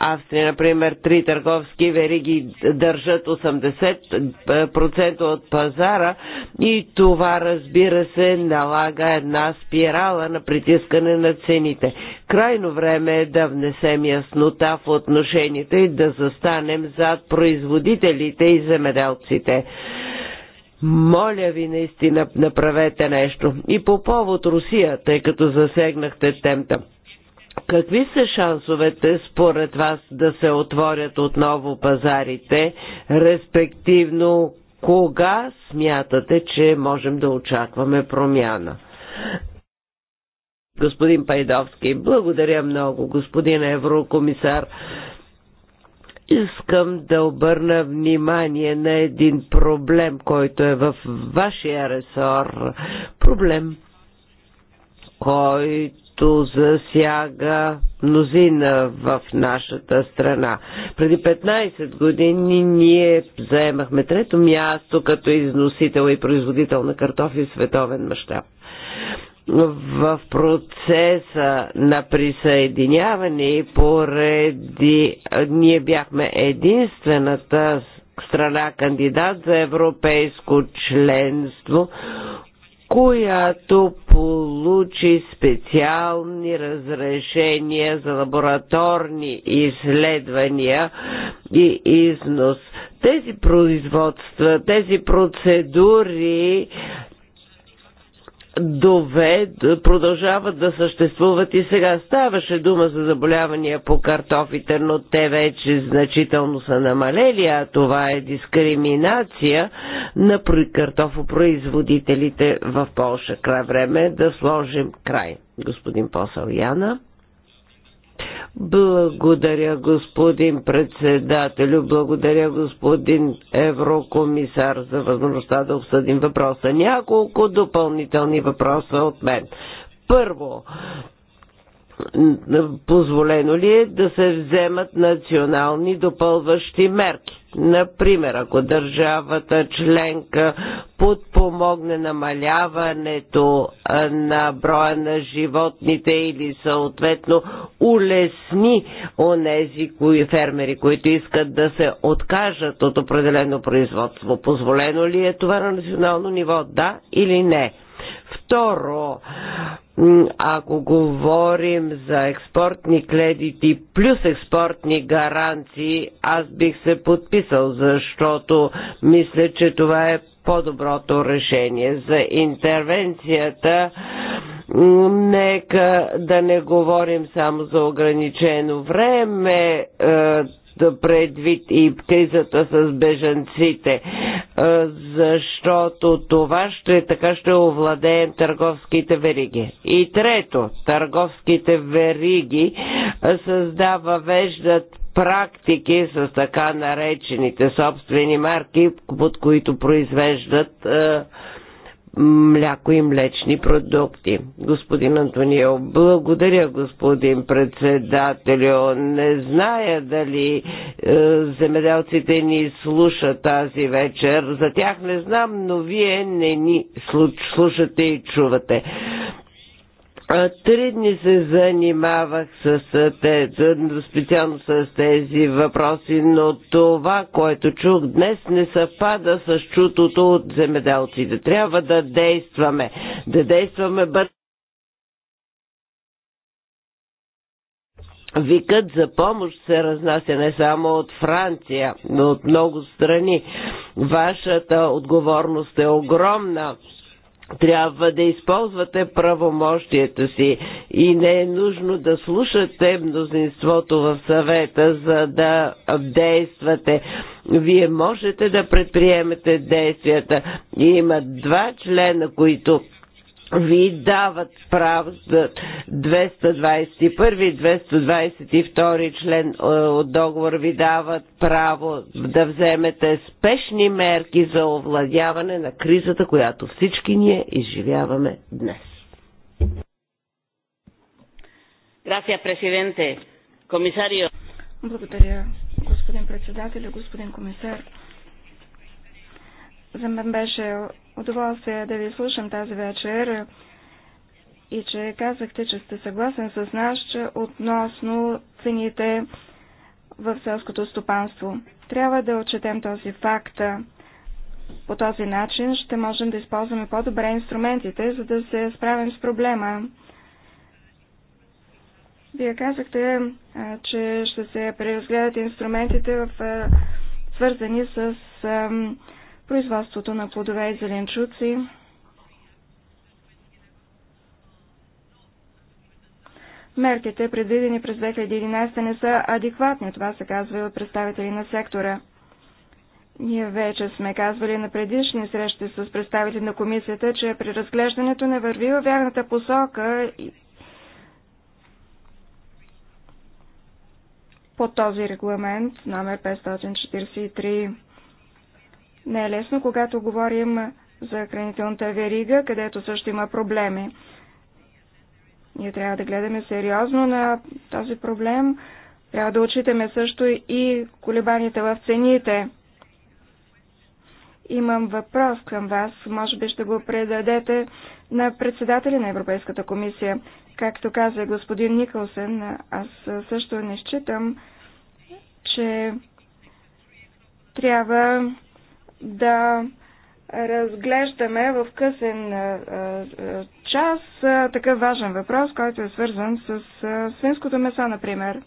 Австрия. Например, три търговски вериги държат 80% от пазара и това, разбира се, налага една спирала на притискане на цените. Крайно време е да внесем яснота в отношенията и да застанем зад производителите и земеделците. Моля ви наистина, направете нещо. И по повод Русия, тъй като засегнахте темта. Какви са шансовете според вас да се отворят отново пазарите, респективно кога смятате, че можем да очакваме промяна? Господин Пайдовски, благодаря много, господин еврокомисар. Искам да обърна внимание на един проблем, който е в вашия ресор. Проблем, който засяга мнозина в нашата страна. Преди 15 години ние заемахме трето място като износител и производител на картофи в световен мащаб в процеса на присъединяване и поради ние бяхме единствената страна кандидат за европейско членство, която получи специални разрешения за лабораторни изследвания и износ. Тези производства, тези процедури довед, продължават да съществуват и сега. Ставаше дума за заболявания по картофите, но те вече значително са намалели, а това е дискриминация на картофопроизводителите в Польша. Край време е да сложим край. Господин Посъл Яна. Благодаря, господин председателю. Благодаря, господин еврокомисар, за възможността да обсъдим въпроса. Няколко допълнителни въпроса от мен. Първо, позволено ли е да се вземат национални допълващи мерки. Например, ако държавата членка подпомогне намаляването на броя на животните или съответно улесни онези кои фермери, които искат да се откажат от определено производство. Позволено ли е това на национално ниво? Да или не? Второ, ако говорим за експортни кредити плюс експортни гаранции, аз бих се подписал, защото мисля, че това е по-доброто решение за интервенцията. Нека да не говорим само за ограничено време. Е, предвид и кризата с бежанците, защото това ще така ще овладеем търговските вериги. И трето, търговските вериги създава веждат практики с така наречените собствени марки, под които произвеждат е, мляко и млечни продукти. Господин Антонио, благодаря господин председателю. Не зная дали е, земеделците ни слушат тази вечер. За тях не знам, но вие не ни слушате и чувате. Три дни се занимавах с тези, специално с тези въпроси, но това, което чух днес, не съвпада с чутото от земеделците. Трябва да действаме. Да действаме бързо. Викът за помощ се разнася не само от Франция, но от много страни. Вашата отговорност е огромна трябва да използвате правомощията си и не е нужно да слушате мнозинството в съвета, за да действате. Вие можете да предприемете действията. Има два члена, които ви дават за 221-222 член е, от договор ви дават право да вземете спешни мерки за овладяване на кризата, която всички ние изживяваме днес. Gracias, президенте, Комисарио. Благодаря, господин председател, господин комисар. За мен беше удоволствие да ви слушам тази вечер и че казахте, че сте съгласен с нас че относно цените в селското стопанство. Трябва да отчетем този факт. По този начин ще можем да използваме по-добре инструментите, за да се справим с проблема. Вие казахте, че ще се преразгледат инструментите, в, свързани с производството на плодове и зеленчуци, Мерките, предвидени през 2011, не са адекватни, това се казва и от представители на сектора. Ние вече сме казвали на предишни срещи с представители на комисията, че при разглеждането не върви във вярната посока по този регламент номер 543. Не е лесно, когато говорим за хранителната верига, където също има проблеми. Ние трябва да гледаме сериозно на този проблем. Трябва да отчитаме също и колебаните в цените. Имам въпрос към вас. Може би ще го предадете на председателя на Европейската комисия. Както каза господин Никълсен, аз също не считам, че трябва да разглеждаме в късен час такъв важен въпрос, който е свързан с свинското месо, например.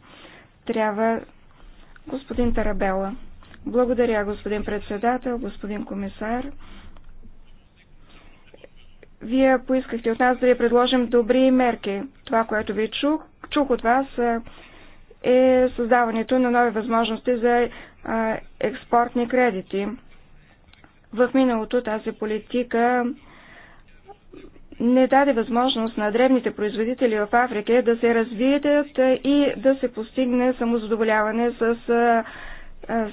Трябва господин Тарабела. Благодаря, господин председател, господин комисар. Вие поискахте от нас да ви предложим добри мерки. Това, което ви чух, чух от вас е създаването на нови възможности за експортни кредити. В миналото тази политика не даде възможност на древните производители в Африка да се развият и да се постигне самозадоволяване с, с,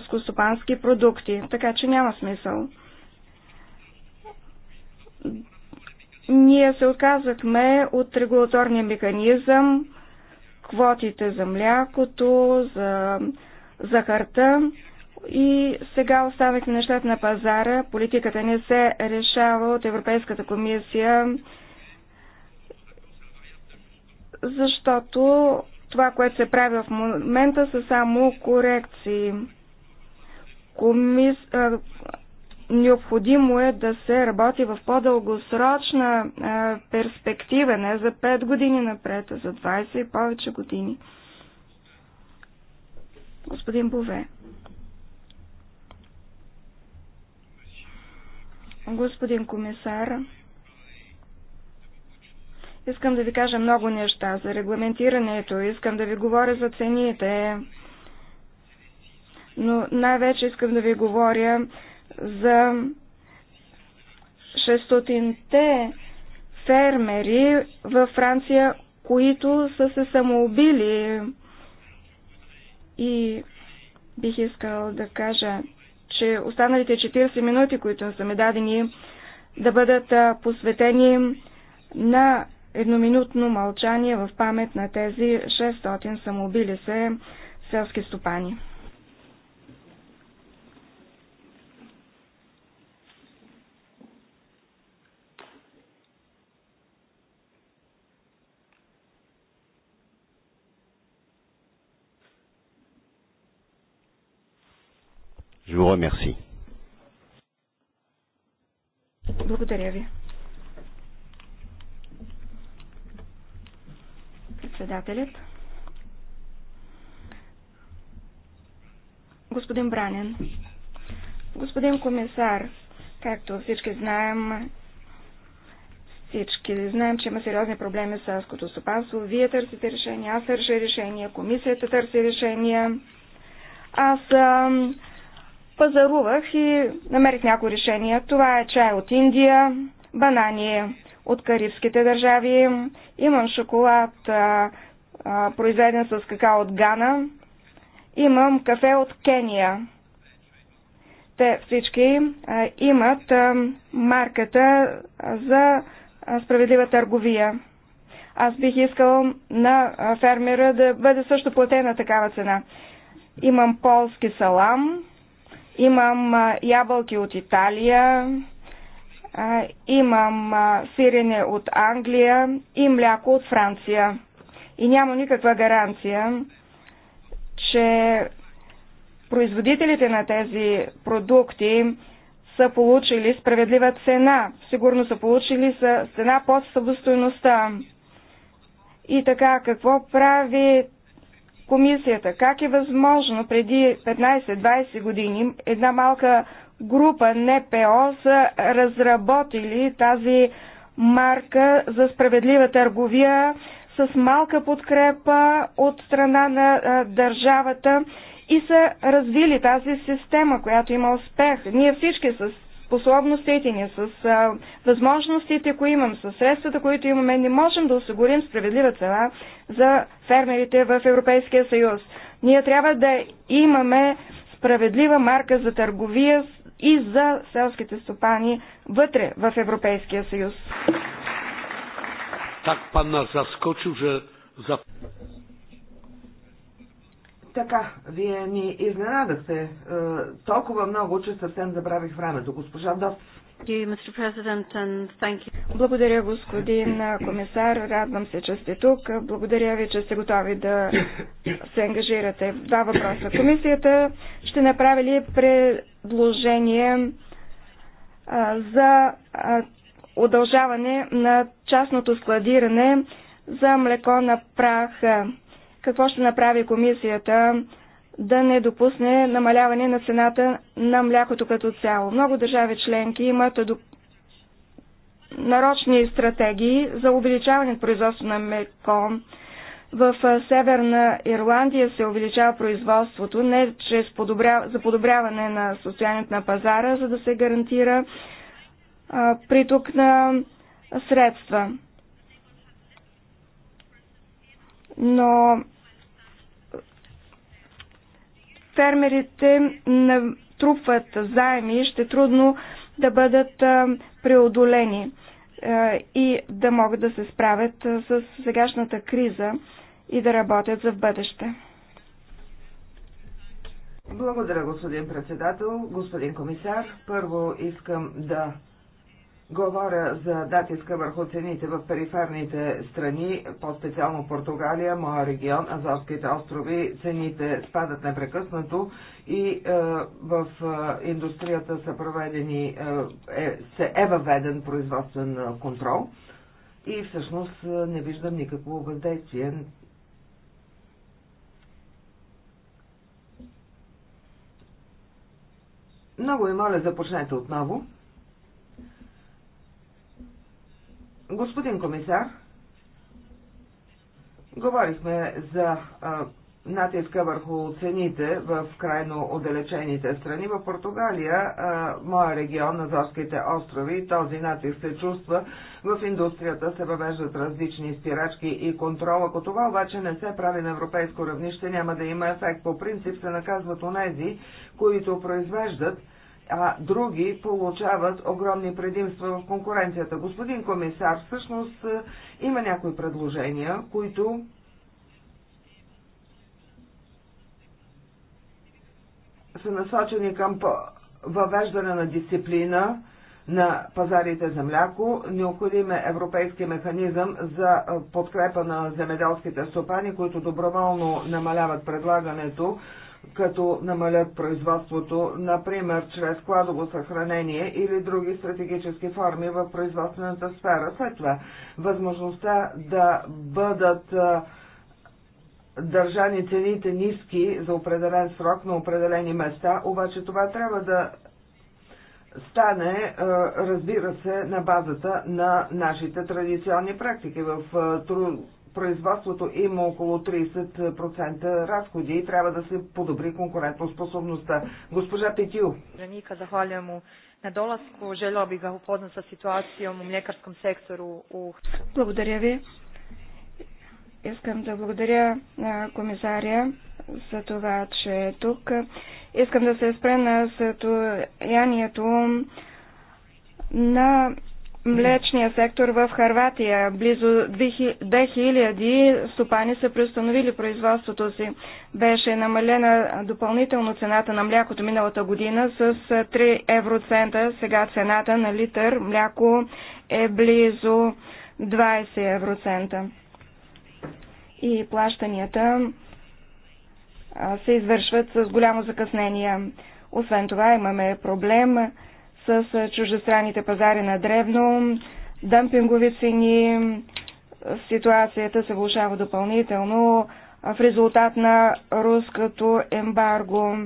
с костопански продукти. Така че няма смисъл. Ние се отказахме от регулаторния механизъм, квотите за млякото, за захарта. И сега оставяйки нещата на пазара, политиката не се решава от Европейската комисия, защото това, което се прави в момента, са само корекции. Комис... Необходимо е да се работи в по-дългосрочна перспектива, не за 5 години напред, а за 20 и повече години. Господин Бове. Господин комисар, искам да ви кажа много неща за регламентирането, искам да ви говоря за цените, но най-вече искам да ви говоря за 600-те фермери във Франция, които са се самоубили. И бих искал да кажа, че останалите 40 минути, които са ми дадени, да бъдат посветени на едноминутно мълчание в памет на тези 600 самоубили се селски стопани. vous remercie. Благодаря ви. Председателят. Господин Бранен. Господин комисар, както всички знаем, всички знаем, че има сериозни проблеми с селското стопанство. Вие търсите решение, аз търся решение, комисията търси решение. Аз ам, Пазарувах и намерих някои решения. Това е чай от Индия, банани от карибските държави, имам шоколад, а, а, произведен с какао от Гана, имам кафе от Кения. Те всички а, имат а, марката за справедлива търговия. Аз бих искал на фермера да бъде също платена такава цена. Имам полски салам, Имам ябълки от Италия, имам сирене от Англия и мляко от Франция. И няма никаква гаранция, че производителите на тези продукти са получили справедлива цена. Сигурно са получили са цена под събостоеността. И така, какво прави комисията. Как е възможно преди 15-20 години една малка група НПО са разработили тази марка за справедлива търговия с малка подкрепа от страна на а, държавата и са развили тази система, която има успех. Ние всички с способностите ни, с а, възможностите, които имам, с средствата, които имаме, не можем да осигурим справедлива цена за фермерите в Европейския съюз. Ние трябва да имаме справедлива марка за търговия и за селските стопани вътре в Европейския съюз. Так пан заскочил, за... Така, вие ни изненадахте е, толкова много, че съвсем забравих времето. Госпожа Дос. Благодаря, господин комисар. Радвам се, че сте тук. Благодаря ви, че сте готови да се ангажирате. Два въпроса. Комисията ще направи ли предложение за удължаване на частното складиране за млеко на прах? Какво ще направи комисията да не допусне намаляване на цената на млякото като цяло? Много държави членки имат нарочни стратегии за увеличаване на производство на млеко. В Северна Ирландия се увеличава производството не чрез подобря... за подобряване на състоянието на пазара, за да се гарантира а, приток на средства. но фермерите натрупват заеми, и ще е трудно да бъдат преодолени и да могат да се справят с сегашната криза и да работят за в бъдеще. Благодаря, господин председател, господин комисар. Първо искам да Говоря за датиска върху цените в периферните страни, по-специално Португалия, моя регион, Азовските острови. Цените спадат непрекъснато и е, в е, индустрията са проведени, е, е се е въведен производствен е, контрол и всъщност е, не виждам никакво въздействие Много ви моля, започнете отново. Господин комисар, говорихме за а, натиска върху цените в крайно отдалечените страни. В Португалия, а, моя регион, Зорските острови, този натиск се чувства. В индустрията се въвеждат различни спирачки и контрол. Ако това обаче не се прави на европейско равнище, няма да има ефект. По принцип се наказват онези, които произвеждат а други получават огромни предимства в конкуренцията. Господин комисар, всъщност е, има някои предложения, които са насочени към въвеждане на дисциплина на пазарите за мляко. Необходим е европейски механизъм за е, подкрепа на земеделските стопани, които доброволно намаляват предлагането като намалят производството, например чрез складово съхранение или други стратегически форми в производствената сфера. След това възможността да бъдат държани цените ниски за определен срок на определени места, обаче това трябва да стане, разбира се, на базата на нашите традиционни практики в труд производството има около 30% разходи и трябва да се подобри конкурентоспособността. Госпожа Петю. Женика, захвалям на доласко. Желя би га упознат са ситуацията у млекарском сектору. У... Благодаря ви. Искам да благодаря на комисаря за това, че е тук. Искам да се спре на състоянието на млечния сектор в Харватия. Близо 2000 стопани са преустановили производството си. Беше намалена допълнително цената на млякото миналата година с 3 евроцента. Сега цената на литър мляко е близо 20 евроцента. И плащанията се извършват с голямо закъснение. Освен това имаме проблем с чуждестранните пазари на древно, дъмпингови цени. Ситуацията се влушава допълнително в резултат на руското ембарго.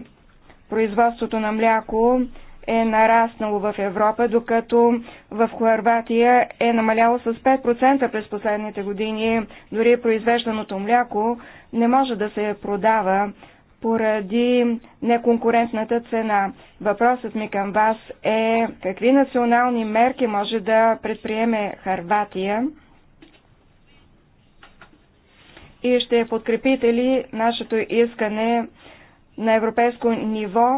Производството на мляко е нараснало в Европа, докато в Хорватия е намаляло с 5% през последните години. Дори произвежданото мляко не може да се продава поради неконкурентната цена. Въпросът ми към вас е какви национални мерки може да предприеме Харватия и ще подкрепите ли нашето искане на европейско ниво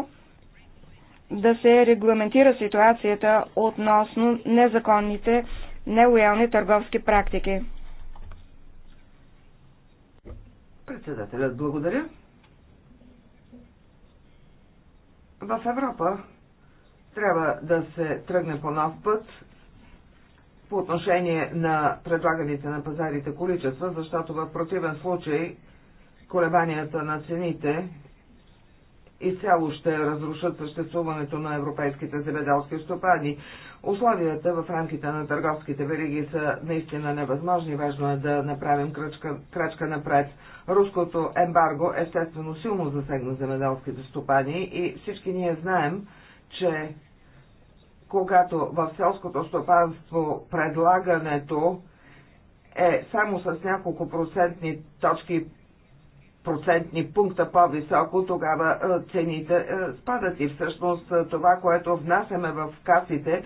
да се регламентира ситуацията относно незаконните, нелоялни търговски практики. Председателят, благодаря. В Европа трябва да се тръгне по нов път по отношение на предлаганите на пазарите количества, защото в противен случай колебанията на цените изцяло ще разрушат съществуването на европейските земеделски стопани. Условията в рамките на търговските вериги са наистина невъзможни. Важно е да направим крачка, крачка напред. Руското ембарго естествено силно засегна земеделските стопани и всички ние знаем, че когато в селското стопанство предлагането е само с няколко процентни точки процентни пункта по-високо, тогава е, цените е, спадат и всъщност е, това, което внасяме в касите,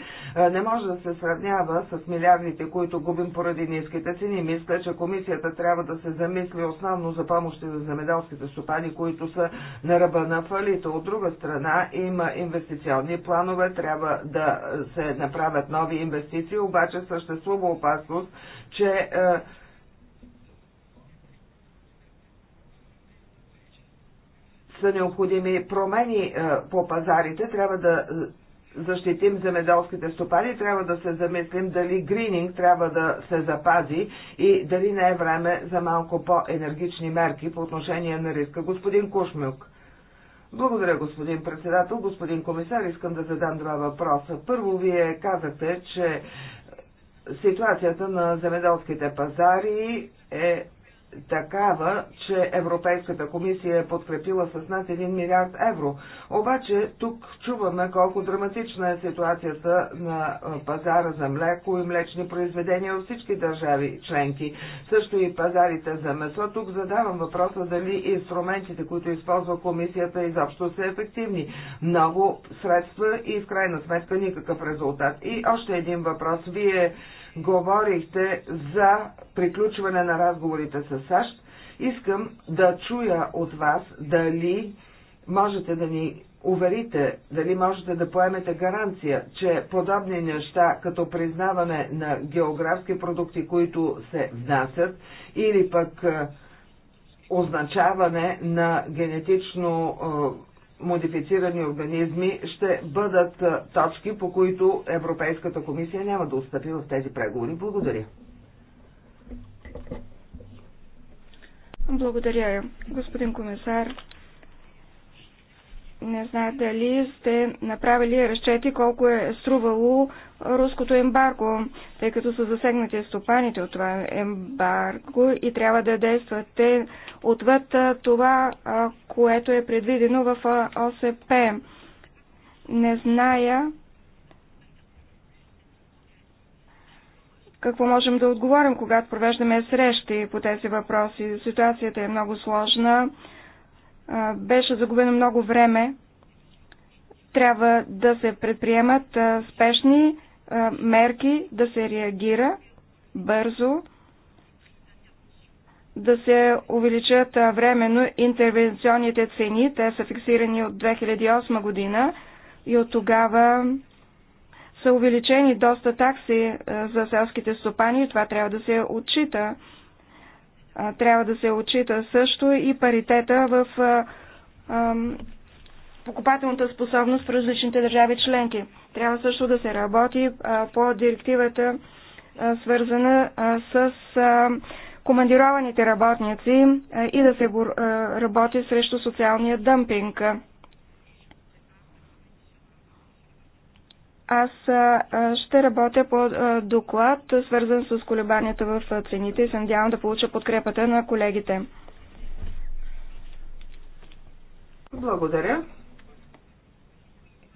не може да се сравнява с милиардите, които губим поради ниските цени. Мисля, че комисията трябва да се замисли основно за помощи за земеделските стопани, които са на ръба на фалита. От друга страна има инвестиционни планове, трябва да се направят нови инвестиции, обаче съществува опасност, че са необходими промени е, по пазарите, трябва да е, защитим земеделските стопани, трябва да се замислим дали грининг трябва да се запази и дали не е време за малко по-енергични мерки по отношение на риска. Господин Кушмюк. Благодаря, господин председател. Господин комисар, искам да задам два въпроса. Първо, вие казахте, че ситуацията на земеделските пазари е такава, че Европейската комисия е подкрепила с над 1 милиард евро. Обаче тук чуваме колко драматична е ситуацията на пазара за млеко и млечни произведения от всички държави членки. Също и пазарите за месо. Тук задавам въпроса дали инструментите, които използва комисията, изобщо са ефективни. Много средства и в крайна сметка никакъв резултат. И още един въпрос. Вие говорихте за приключване на разговорите с САЩ. Искам да чуя от вас дали можете да ни уверите, дали можете да поемете гаранция, че подобни неща, като признаване на географски продукти, които се внасят, или пък е, означаване на генетично е, модифицирани организми ще бъдат точки, по които Европейската комисия няма да отстъпи в тези преговори. Благодаря. Благодаря, господин комисар. Не знае дали сте направили разчети колко е струвало руското ембарго, тъй като са засегнати стопаните от това ембарго и трябва да действате отвъд това, което е предвидено в ОСП. Не зная какво можем да отговорим, когато провеждаме срещи по тези въпроси. Ситуацията е много сложна. Беше загубено много време. Трябва да се предприемат спешни мерки, да се реагира бързо да се увеличат временно интервенционните цени. Те са фиксирани от 2008 година и от тогава са увеличени доста такси за селските стопани и това трябва да се отчита. Трябва да се отчита също и паритета в покупателната способност в различните държави членки. Трябва също да се работи по директивата, свързана с командированите работници е, и да се е, работи срещу социалния дъмпинг. Аз е, ще работя по доклад, свързан с колебанията в цените и се надявам да получа подкрепата на колегите. Благодаря.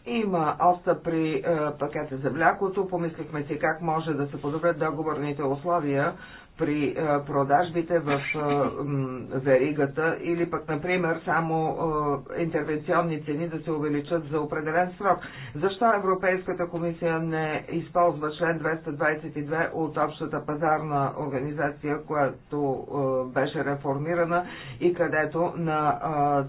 Има оста при пакета за влякото. Помислихме си как може да се подобрят договорните условия при е, продажбите в е, веригата или пък, например, само е, интервенционни цени да се увеличат за определен срок. Защо Европейската комисия не използва член 222 от общата пазарна организация, която беше реформирана и където на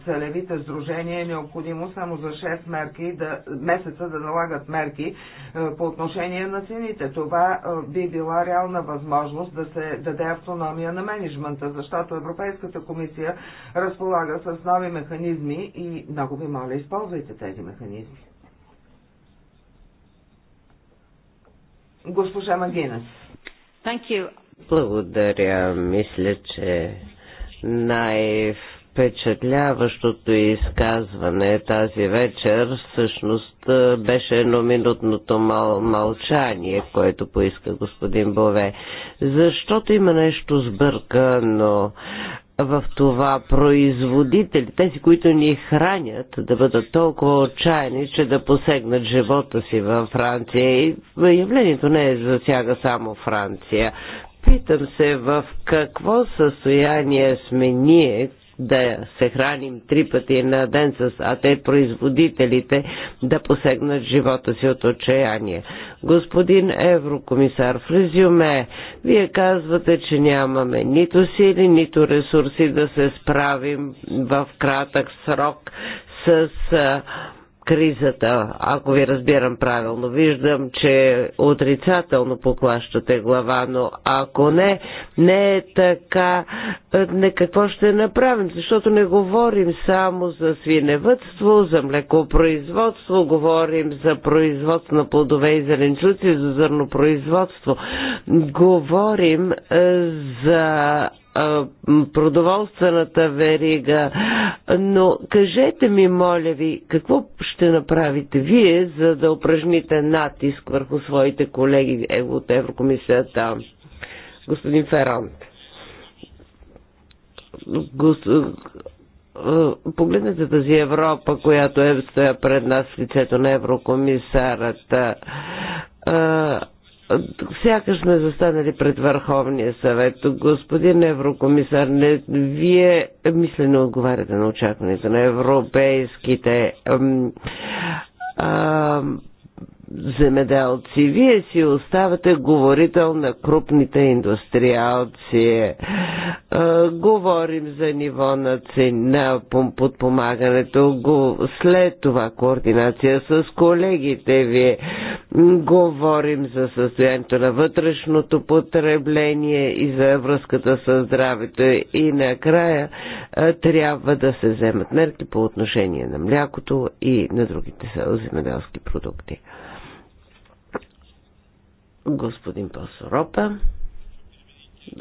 целевите сдружения е необходимо само за 6 мерки да, месеца да налагат мерки по отношение на цените? Това би била реална възможност да се даде автономия на менеджмента, защото Европейската комисия разполага с нови механизми и много ви моля, използвайте тези механизми. Госпожа Магинес. Благодаря. Мисля, че най- впечатляващото изказване тази вечер всъщност беше едноминутното мал- мълчание, което поиска господин Бове. Защото има нещо сбъркано в това производители, тези, които ни хранят, да бъдат толкова отчаяни, че да посегнат живота си във Франция. И явлението не е засяга само Франция. Питам се в какво състояние сме ние, да се храним три пъти на ден с а те производителите да посегнат живота си от отчаяние. Господин еврокомисар, в резюме, вие казвате, че нямаме нито сили, нито ресурси да се справим в кратък срок с а, кризата, ако ви разбирам правилно. Виждам, че отрицателно поклащате глава, но ако не, не е така, е, не какво ще направим, защото не говорим само за свиневътство, за млекопроизводство, говорим за производство на плодове и зеленчуци, за зърнопроизводство. Говорим е, за продоволствената верига. Но кажете ми, моля ви, какво ще направите вие, за да упражните натиск върху своите колеги от Еврокомисията, господин Ферант? Гос... Погледнете тази Европа, която е стоя пред нас в лицето на еврокомисарата сякаш сме застанали пред Върховния съвет. Господин Еврокомисар, не, вие мисля не отговаряте на очакването на европейските ам, ам, земеделци. Вие си оставате говорител на крупните индустриалци. Е, говорим за ниво на цена, подпомагането, след това координация с колегите ви. Говорим за състоянието на вътрешното потребление и за връзката с здравето. И накрая е, трябва да се вземат мерки по отношение на млякото и на другите земеделски продукти. Господин Пасоропа.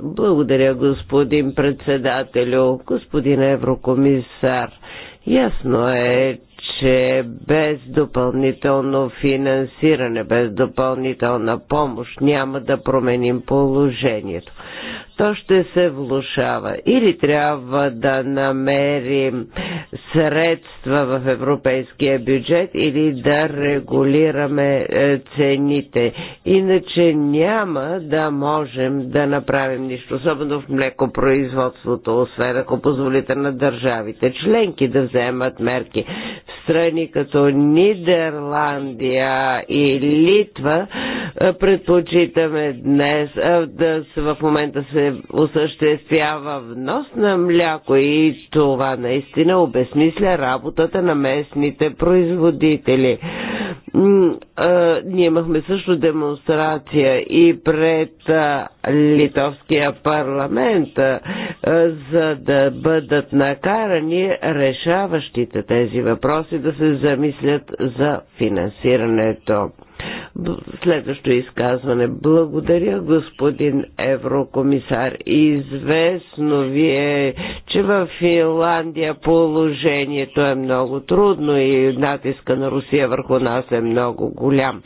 Благодаря, господин председателю, господин еврокомисар. Ясно е, че без допълнително финансиране, без допълнителна помощ няма да променим положението то ще се влушава. Или трябва да намерим средства в европейския бюджет, или да регулираме е, цените. Иначе няма да можем да направим нищо, особено в млекопроизводството, освен ако позволите на държавите членки да вземат мерки. В страни като Нидерландия и Литва е, предпочитаме днес, е, да в момента се се осъществява внос на мляко и това наистина обесмисля работата на местните производители. Ние имахме също демонстрация и пред Литовския парламент, за да бъдат накарани решаващите тези въпроси да се замислят за финансирането. Следващо изказване. Благодаря, господин еврокомисар. Известно ви е, че в Финландия положението е много трудно и натиска на Русия върху нас е много голям.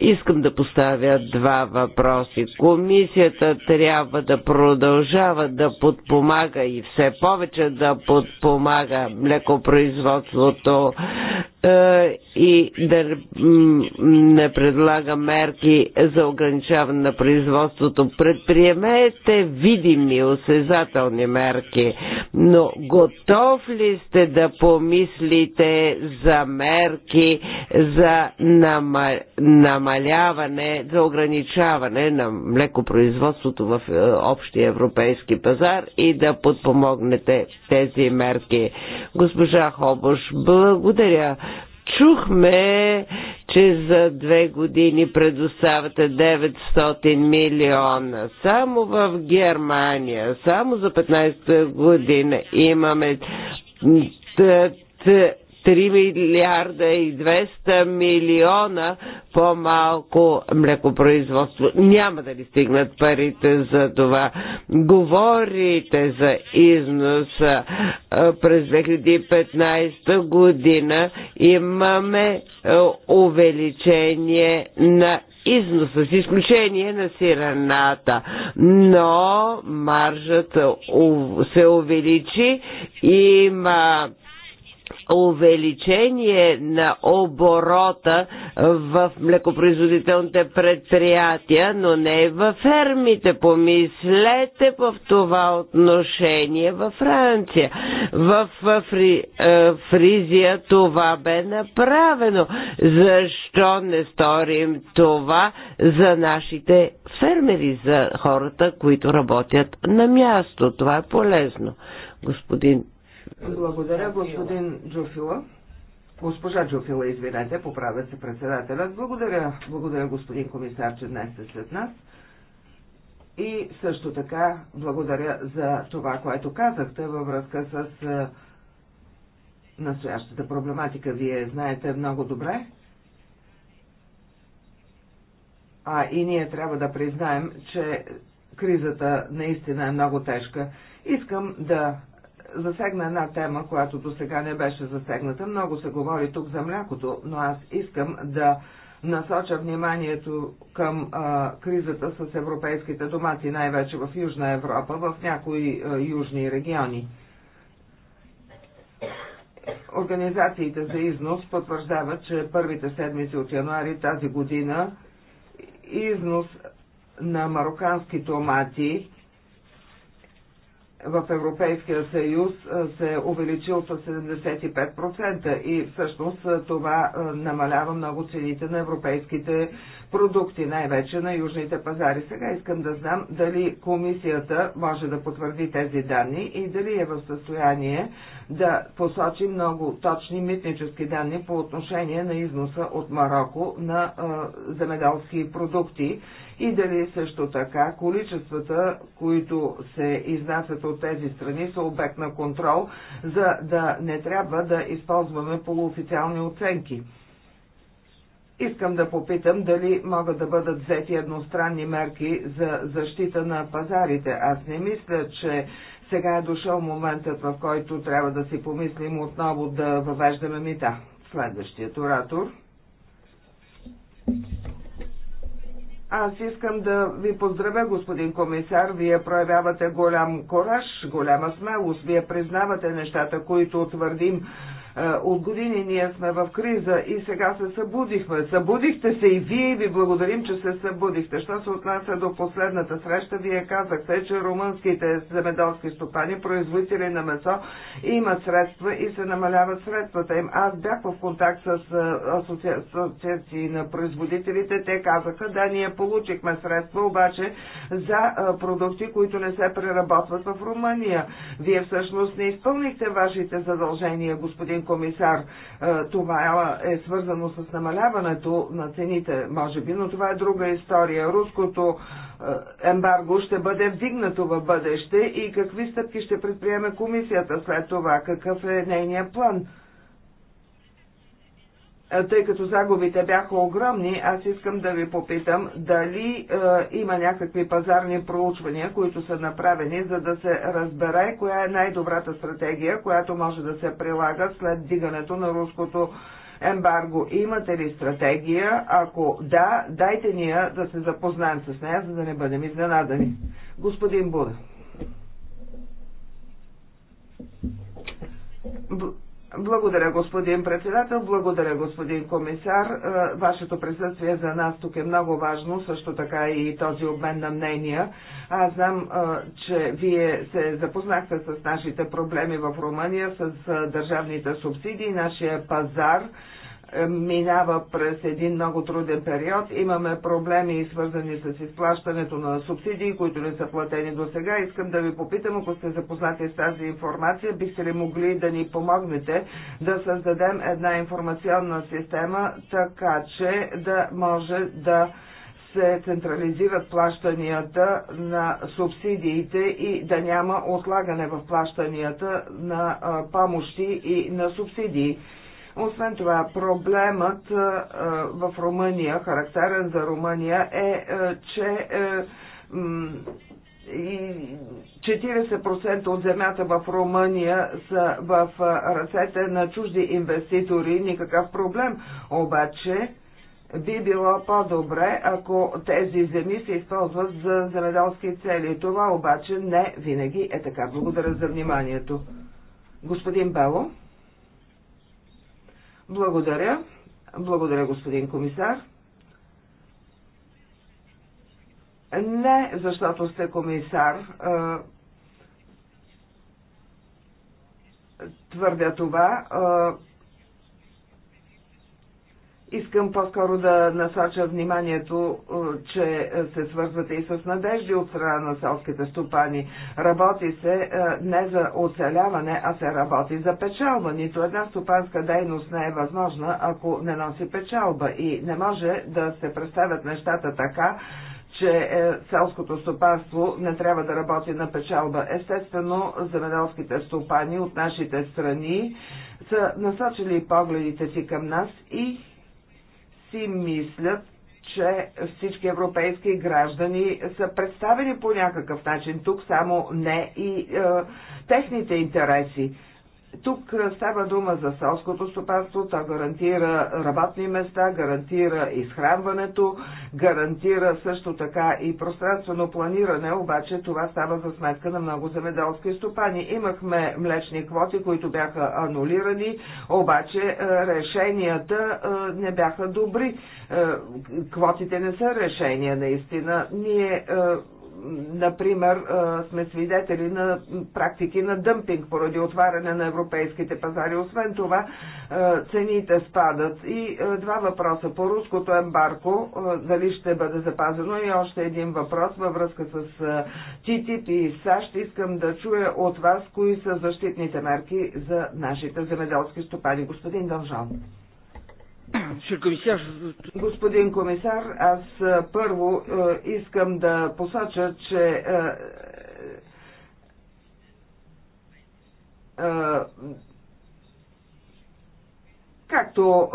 Искам да поставя два въпроси. Комисията трябва да продължава да подпомага и все повече да подпомага млекопроизводството е, и да не предлага мерки за ограничаване на производството. Предприемете видими, осезателни мерки, но готов ли сте да помислите за мерки за намаляване, за ограничаване на млекопроизводството в е, общия европейски пазар и да подпомогнете тези мерки? Госпожа Хобош, благодаря Чухме, че за две години предоставяте 900 милиона. Само в Германия, само за 15 година имаме 3 милиарда и 200 милиона по-малко млекопроизводство. Няма да ли стигнат парите за това. Говорите за износа през 2015 година имаме увеличение на износа, с изключение на сираната. Но маржата се увеличи, има увеличение на оборота в млекопроизводителните предприятия, но не във фермите. Помислете в това отношение във Франция. В Фри, е, Фризия това бе направено. Защо не сторим това за нашите фермери, за хората, които работят на място? Това е полезно. Господин благодаря, господин Джуфила. Госпожа Джуфила, извинете, поправя се председателят. Благодаря, благодаря господин комисар, че днес сте след нас. И също така благодаря за това, което казахте във връзка с е, настоящата проблематика. Вие знаете много добре. А и ние трябва да признаем, че кризата наистина е много тежка. Искам да засегна една тема, която до сега не беше засегната. Много се говори тук за млякото, но аз искам да насоча вниманието към а, кризата с европейските домати, най-вече в Южна Европа, в някои а, южни региони. Организациите за износ потвърждават, че първите седмици от януари тази година износ на марокански томати в Европейския съюз се е увеличил с 75% и всъщност това намалява много цените на европейските продукти, най-вече на южните пазари. Сега искам да знам дали комисията може да потвърди тези данни и дали е в състояние да посочи много точни митнически данни по отношение на износа от Марокко на а, продукти и дали също така количествата, които се изнасят от тези страни, са обект на контрол, за да не трябва да използваме полуофициални оценки. Искам да попитам дали могат да бъдат взети едностранни мерки за защита на пазарите. Аз не мисля, че сега е дошъл моментът, в който трябва да си помислим отново да въвеждаме мита. Следващият оратор. Аз искам да ви поздравя, господин комисар. Вие проявявате голям кораж, голяма смелост. Вие признавате нещата, които твърдим е, от години ние сме в криза и сега се събудихме. Събудихте се и вие и ви благодарим, че се събудихте. Що се отнася до последната среща, вие казахте, че румънските земеделски стопани, производители на месо, имат средства и се намаляват средствата им. Аз бях в контакт с е, асоциации на производителите. Те казаха, да, ние получихме средства, обаче за е, продукти, които не се преработват в Румъния. Вие всъщност не изпълнихте вашите задължения, господин комисар. Е, това е свързано с намаляването на цените, може би, но това е друга история. Руското е, ембарго ще бъде вдигнато в бъдеще и какви стъпки ще предприеме комисията след това, какъв е нейният план. Е, тъй като загубите бяха огромни, аз искам да ви попитам дали е, има някакви пазарни проучвания, които са направени, за да се разбере коя е най-добрата стратегия, която може да се прилага след дигането на руското ембарго. Имате ли стратегия? Ако да, дайте ние да се запознаем с нея, за да не бъдем изненадани. Господин Буда. Благодаря, господин председател, благодаря, господин комисар. Е, вашето присъствие за нас тук е много важно, също така и този обмен на мнения. Аз знам, е, че вие се запознахте с нашите проблеми в Румъния, с е, държавните субсидии, нашия пазар минава през един много труден период. Имаме проблеми свързани с изплащането на субсидии, които не са платени до сега. Искам да ви попитам, ако сте запознати с тази информация, бихте ли могли да ни помогнете да създадем една информационна система, така че да може да се централизират плащанията на субсидиите и да няма отлагане в плащанията на помощи и на субсидии. Освен това, проблемът в Румъния, характерен за Румъния е, че 40% е, от земята в Румъния са в ръцете на чужди инвеститори, никакъв проблем. Обаче би било по-добре, ако тези земи се използват за земеделски цели. Това обаче не винаги е така. Благодаря за вниманието. Господин Бело. Благодаря. Благодаря, господин комисар. Не защото сте комисар. Твърдя това. Искам по-скоро да насоча вниманието, е, че се свързвате и с надежди от страна на селските стопани. Работи се е, не за оцеляване, а се работи за печалба. Нито една стопанска дейност не е възможна, ако не носи печалба. И не може да се представят нещата така, че е, селското стопанство не трябва да работи на печалба. Естествено, земеделските стопани от нашите страни са насочили погледите си към нас и си мислят, че всички европейски граждани са представени по някакъв начин тук, само не и е, техните интереси. Тук става дума за селското стопанство, то гарантира работни места, гарантира изхранването, гарантира също така и пространствено планиране, обаче това става за сметка на много земеделски стопани. Имахме млечни квоти, които бяха анулирани, обаче решенията не бяха добри. Квотите не са решения наистина. Ние например, сме свидетели на практики на дъмпинг поради отваряне на европейските пазари. Освен това, цените спадат. И два въпроса по руското ембарко, дали ще бъде запазено и още един въпрос във връзка с ТИТИП и САЩ. Искам да чуя от вас кои са защитните мерки за нашите земеделски стопани. Господин Дължан. Господин комисар, аз е, първо е, искам да посоча, че е, Както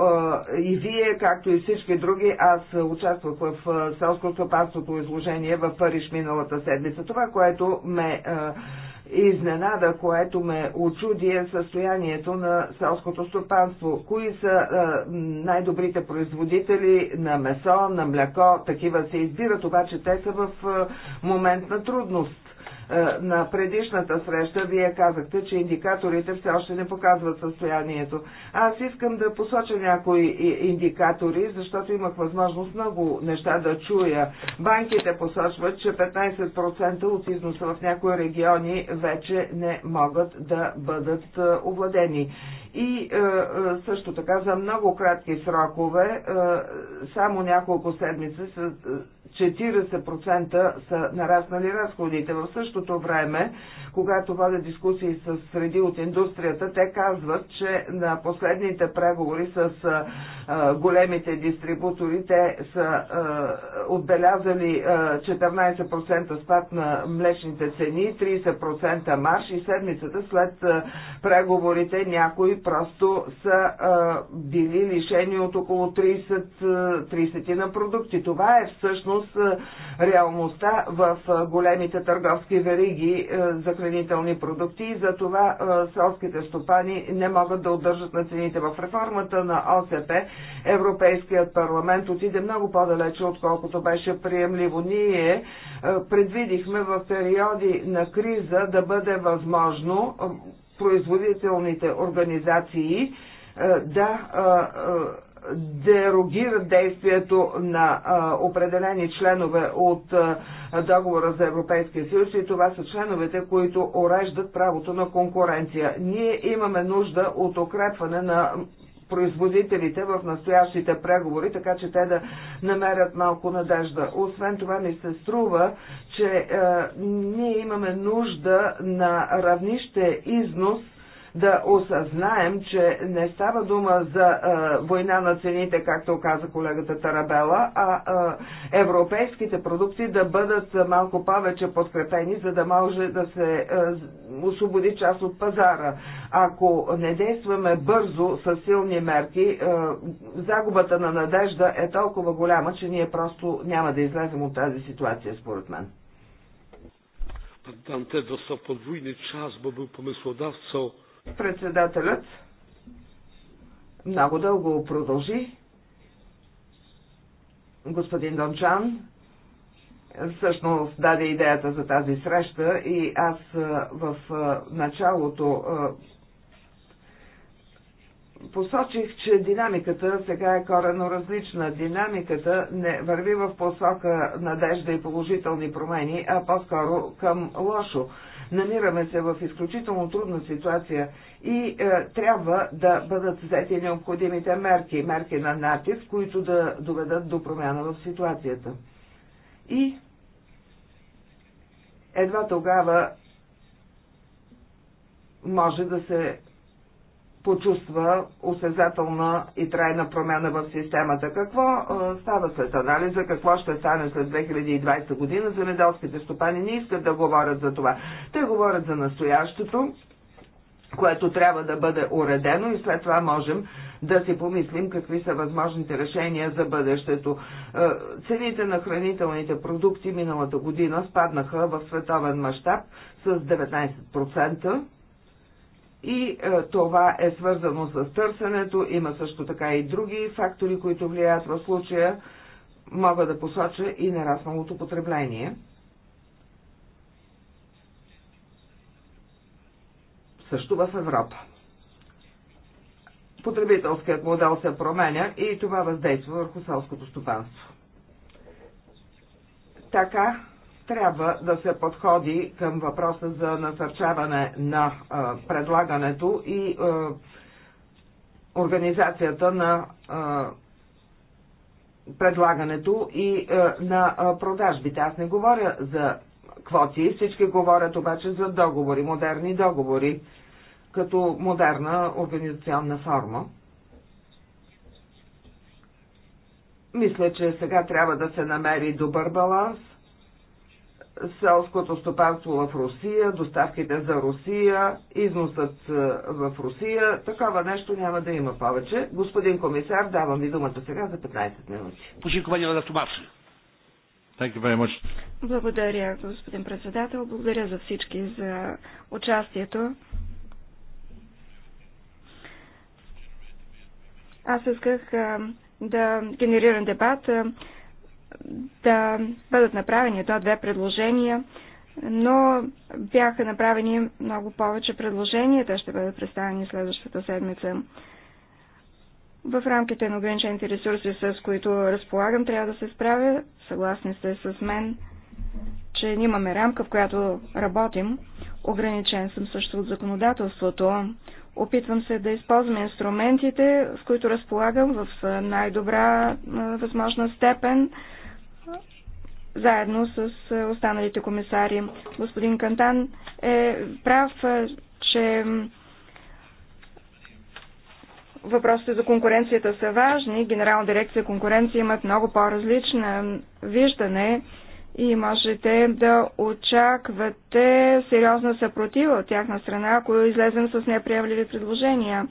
и вие, както и всички други, аз участвах в селско-стопанството изложение в Париж миналата седмица. Това, което ме изненада, което ме очуди е състоянието на селското стопанство. Кои са е, най-добрите производители на месо, на мляко, такива се избират, обаче те са в е, момент на трудност. Е, на предишната среща вие казахте, че индикаторите все още не показват състоянието. Аз искам да посоча някои индикатори, защото имах възможност много неща да чуя. Банките посочват, че 15% от износа в някои региони вече не могат да бъдат е, овладени. И е, е, също така за много кратки срокове, е, само няколко седмици с 40% са нараснали разходите. В същото същото време, когато водя дискусии с среди от индустрията, те казват, че на последните преговори с големите дистрибутори, те са отбелязали 14% спад на млечните цени, 30% марш и седмицата след преговорите някои просто са били лишени от около 30, 30 на продукти. Това е всъщност реалността в големите търговски вериги е, за хранителни продукти и за това е, селските стопани не могат да удържат на цените. В реформата на ОСП Европейският парламент отиде много по-далече, отколкото беше приемливо. Ние е, предвидихме в периоди на криза да бъде възможно производителните организации да дерогира действието на а, определени членове от а, договора за Европейския съюз и това са членовете, които ореждат правото на конкуренция. Ние имаме нужда от укрепване на производителите в настоящите преговори, така че те да намерят малко надежда. Освен това ми се струва, че е, ние имаме нужда на равнище износ да осъзнаем, че не става дума за а, е, война на цените, както каза колегата Тарабела, а, а е, европейските продукти да бъдат малко повече подкрепени, за да може да се а, е, освободи част от пазара. Ако не действаме бързо с силни мерки, а, загубата на надежда е толкова голяма, че ние просто няма да излезем от тази ситуация, според мен. Pan Dante dostał podwójny czas, bo był pomysłodawcą Председателят много дълго продължи. Господин Дончан всъщност даде идеята за тази среща и аз в началото посочих, че динамиката сега е корено различна. Динамиката не върви в посока надежда и положителни промени, а по-скоро към лошо. Намираме се в изключително трудна ситуация и е, трябва да бъдат взети необходимите мерки, мерки на натиск, които да доведат до промяна в ситуацията. И едва тогава може да се почувства осезателна и трайна промяна в системата. Какво става след анализа, какво ще стане след 2020 година, земеделските стопани не искат да говорят за това. Те говорят за настоящето, което трябва да бъде уредено и след това можем да си помислим какви са възможните решения за бъдещето. Цените на хранителните продукти миналата година спаднаха в световен мащаб с 19% и е, това е свързано с търсенето. Има също така и други фактори, които влияят в случая. Мога да посоча и нарасналото потребление. Също в Европа. Потребителският модел се променя и това въздейства върху селското стопанство. Така, трябва да се подходи към въпроса за насърчаване на а, предлагането и а, организацията на а, предлагането и а, на а, продажбите. Аз не говоря за квоти, всички говорят обаче за договори, модерни договори, като модерна организационна форма. Мисля, че сега трябва да се намери добър баланс – селското стопанство в Русия, доставките за Русия, износът е, в Русия. Такова нещо няма да има повече. Господин комисар, давам ви думата сега за 15 минути. Пожелание на Томаши. Благодаря, господин председател. Благодаря за всички за участието. Аз исках е, да генерирам дебат е, да бъдат направени едно-две предложения, но бяха направени много повече предложения. Те ще бъдат представени следващата седмица. В рамките на ограничените ресурси, с които разполагам, трябва да се справя. Съгласни сте с мен, че имаме рамка, в която работим. Ограничен съм също от законодателството. Опитвам се да използвам инструментите, с които разполагам в най-добра възможна степен заедно с е, останалите комисари. Господин Кантан е прав, е, че въпросите за конкуренцията са важни. Генерална дирекция конкуренция имат много по-различна виждане и можете да очаквате сериозна съпротива от тяхна страна, ако е излезем с неприемливи предложения.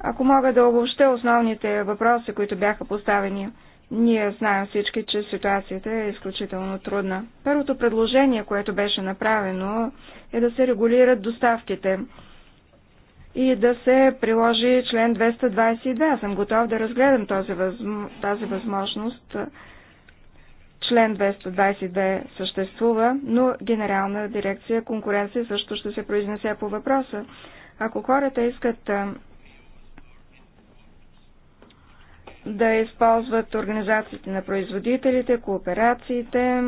Ако мога да обобща основните въпроси, които бяха поставени. Ние знаем всички, че ситуацията е изключително трудна. Първото предложение, което беше направено, е да се регулират доставките и да се приложи член 222. Аз съм готов да разгледам този възм... тази възможност. Член 222 съществува, но Генерална дирекция конкуренция също ще се произнесе по въпроса. Ако хората искат да използват организациите на производителите, кооперациите,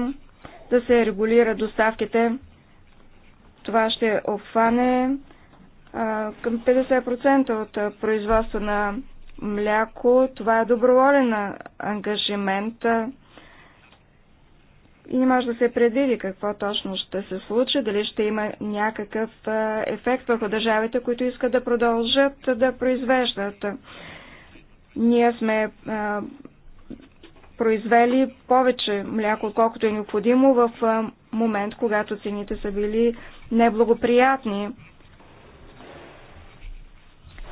да се регулират доставките. Това ще обхване към 50% от производство на мляко. Това е доброволен ангажимент и не може да се предвиди какво точно ще се случи, дали ще има някакъв ефект върху държавите, които искат да продължат да произвеждат. Ние сме а, е, произвели повече мляко, отколкото е необходимо в а, е, момент, когато цените са били неблагоприятни.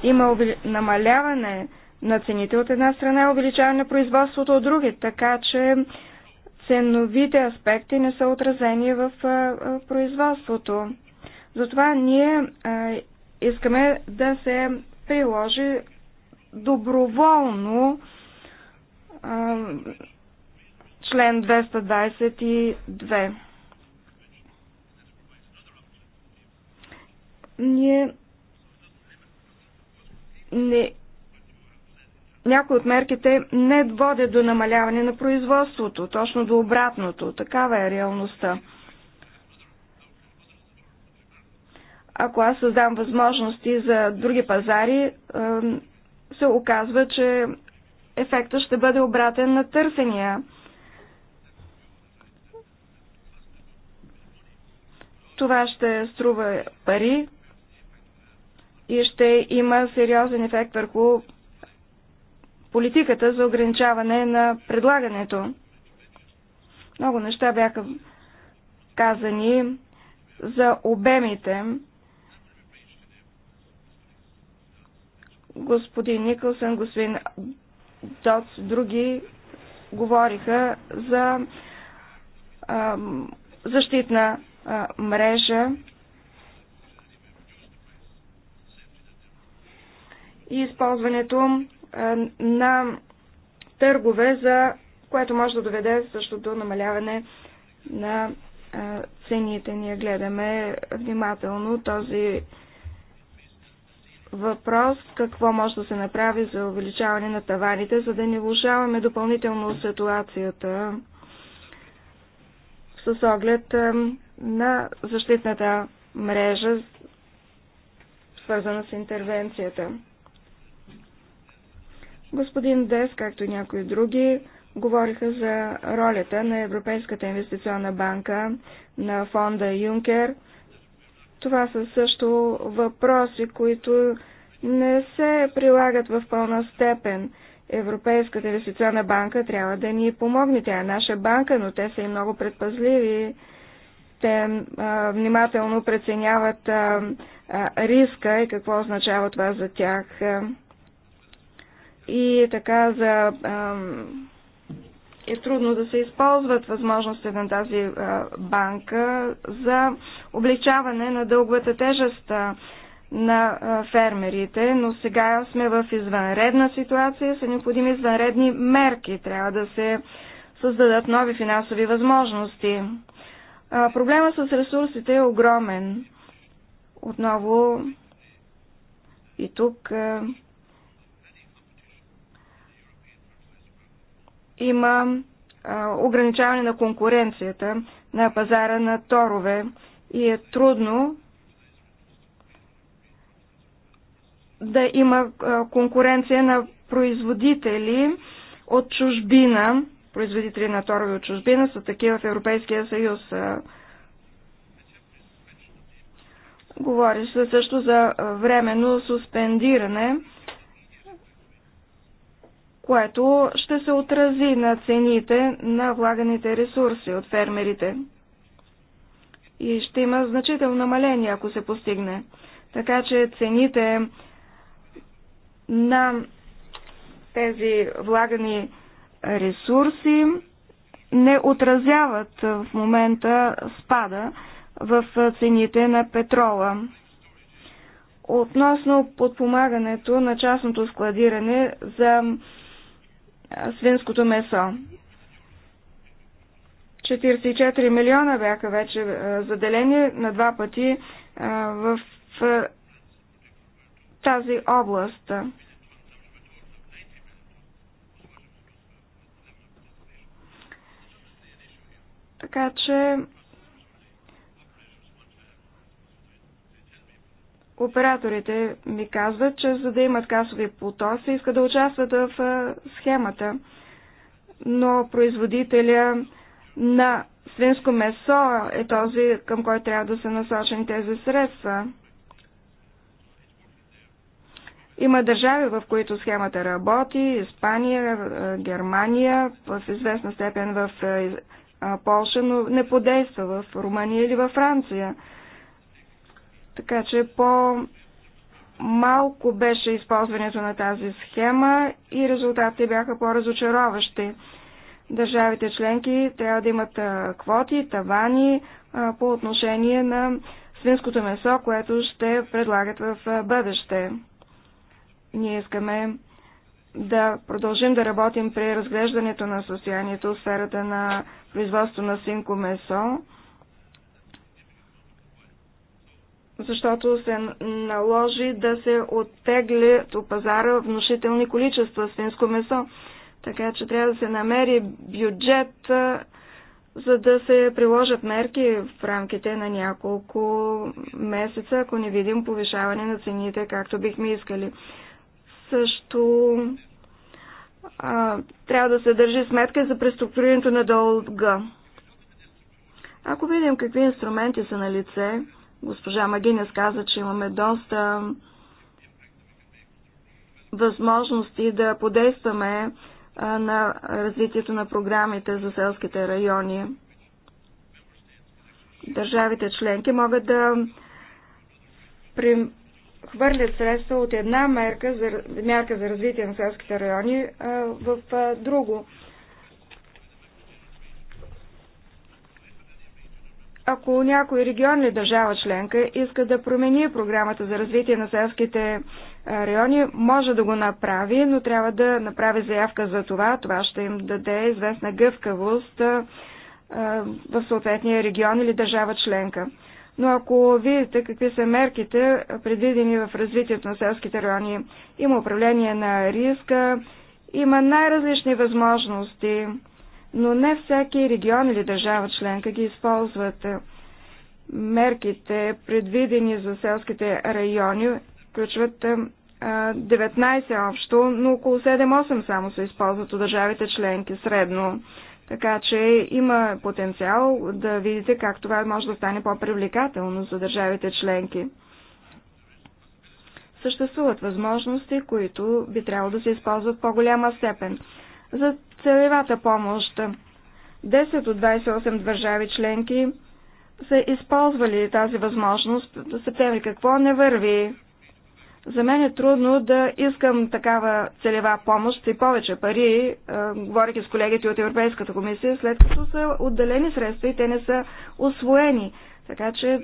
Има намаляване на цените от една страна и увеличаване на производството от други, така че ценовите аспекти не са отразени в е, производството. Затова ние искаме да се приложи доброволно член 222. Ние не някои от мерките не водят до намаляване на производството, точно до обратното. Такава е реалността. Ако аз създам възможности за други пазари, се оказва, че ефектът ще бъде обратен на търсения. Това ще струва пари и ще има сериозен ефект върху политиката за ограничаване на предлагането. Много неща бяха казани за обемите господин Никълсън, господин Дотс, други говориха за а, защитна а, мрежа и използването а, на търгове, за което може да доведе също до намаляване на а, цените. Ние гледаме внимателно този въпрос какво може да се направи за увеличаване на таваните, за да не влушаваме допълнително ситуацията с оглед на защитната мрежа, свързана с интервенцията. Господин Дес, както и някои други, говориха за ролята на Европейската инвестиционна банка, на фонда Юнкер – това са също въпроси, които не се прилагат в пълна степен. Европейската инвестиционна банка трябва да ни помогне. Тя е наша банка, но те са и много предпазливи. Те а, внимателно преценяват а, а, риска и какво означава това за тях. И така за. А, е трудно да се използват възможности на тази банка за обличаване на дълговата тежест на фермерите, но сега сме в извънредна ситуация, са необходими извънредни мерки, трябва да се създадат нови финансови възможности. Проблема с ресурсите е огромен. Отново и тук има ограничаване на конкуренцията на пазара на торове и е трудно да има конкуренция на производители от чужбина. Производители на торове от чужбина са такива в Европейския съюз. Говори се също за временно суспендиране което ще се отрази на цените на влаганите ресурси от фермерите. И ще има значително намаление, ако се постигне. Така че цените на тези влагани ресурси не отразяват в момента спада в цените на петрола. Относно подпомагането на частното складиране за свинското месо. 44 милиона бяха вече е, заделени на два пъти е, в е, тази област. Така че Операторите ми казват, че за да имат касови потоци, иска да участват в схемата. Но производителя на свинско месо е този, към който трябва да са насочени тези средства. Има държави, в които схемата работи, Испания, Германия, в известна степен в Полша, но не подейства в Румъния или във Франция. Така че по-малко беше използването на тази схема и резултатите бяха по-разочароващи. Държавите членки трябва да имат квоти, тавани по отношение на свинското месо, което ще предлагат в бъдеще. Ние искаме да продължим да работим при разглеждането на състоянието в сферата на производство на свинко месо защото се наложи да се оттеглят от пазара внушителни количества свинско месо. Така че трябва да се намери бюджет, за да се приложат мерки в рамките на няколко месеца, ако не видим повишаване на цените, както бихме искали. Също а, трябва да се държи сметка за преструктурирането на дълга. Ако видим какви инструменти са на лице, Госпожа Магинес каза, че имаме доста възможности да подействаме на развитието на програмите за селските райони. Държавите членки могат да хвърлят средства от една мерка за, мерка за развитие на селските райони в друго. ако някой регион или държава членка иска да промени програмата за развитие на селските райони, може да го направи, но трябва да направи заявка за това. Това ще им даде известна гъвкавост в съответния регион или държава членка. Но ако видите какви са мерките, предвидени в развитието на селските райони, има управление на риска, има най-различни възможности но не всеки регион или държава членка ги използват. Мерките, предвидени за селските райони, включват 19 общо, но около 7-8 само се използват от държавите членки средно. Така че има потенциал да видите как това може да стане по-привлекателно за държавите членки. Съществуват възможности, които би трябвало да се използват в по-голяма степен за целевата помощ. 10 от 28 държави членки са използвали тази възможност до септември. Какво не върви? За мен е трудно да искам такава целева помощ и повече пари, е, говоряки с колегите от Европейската комисия, след като са отделени средства и те не са освоени. Така че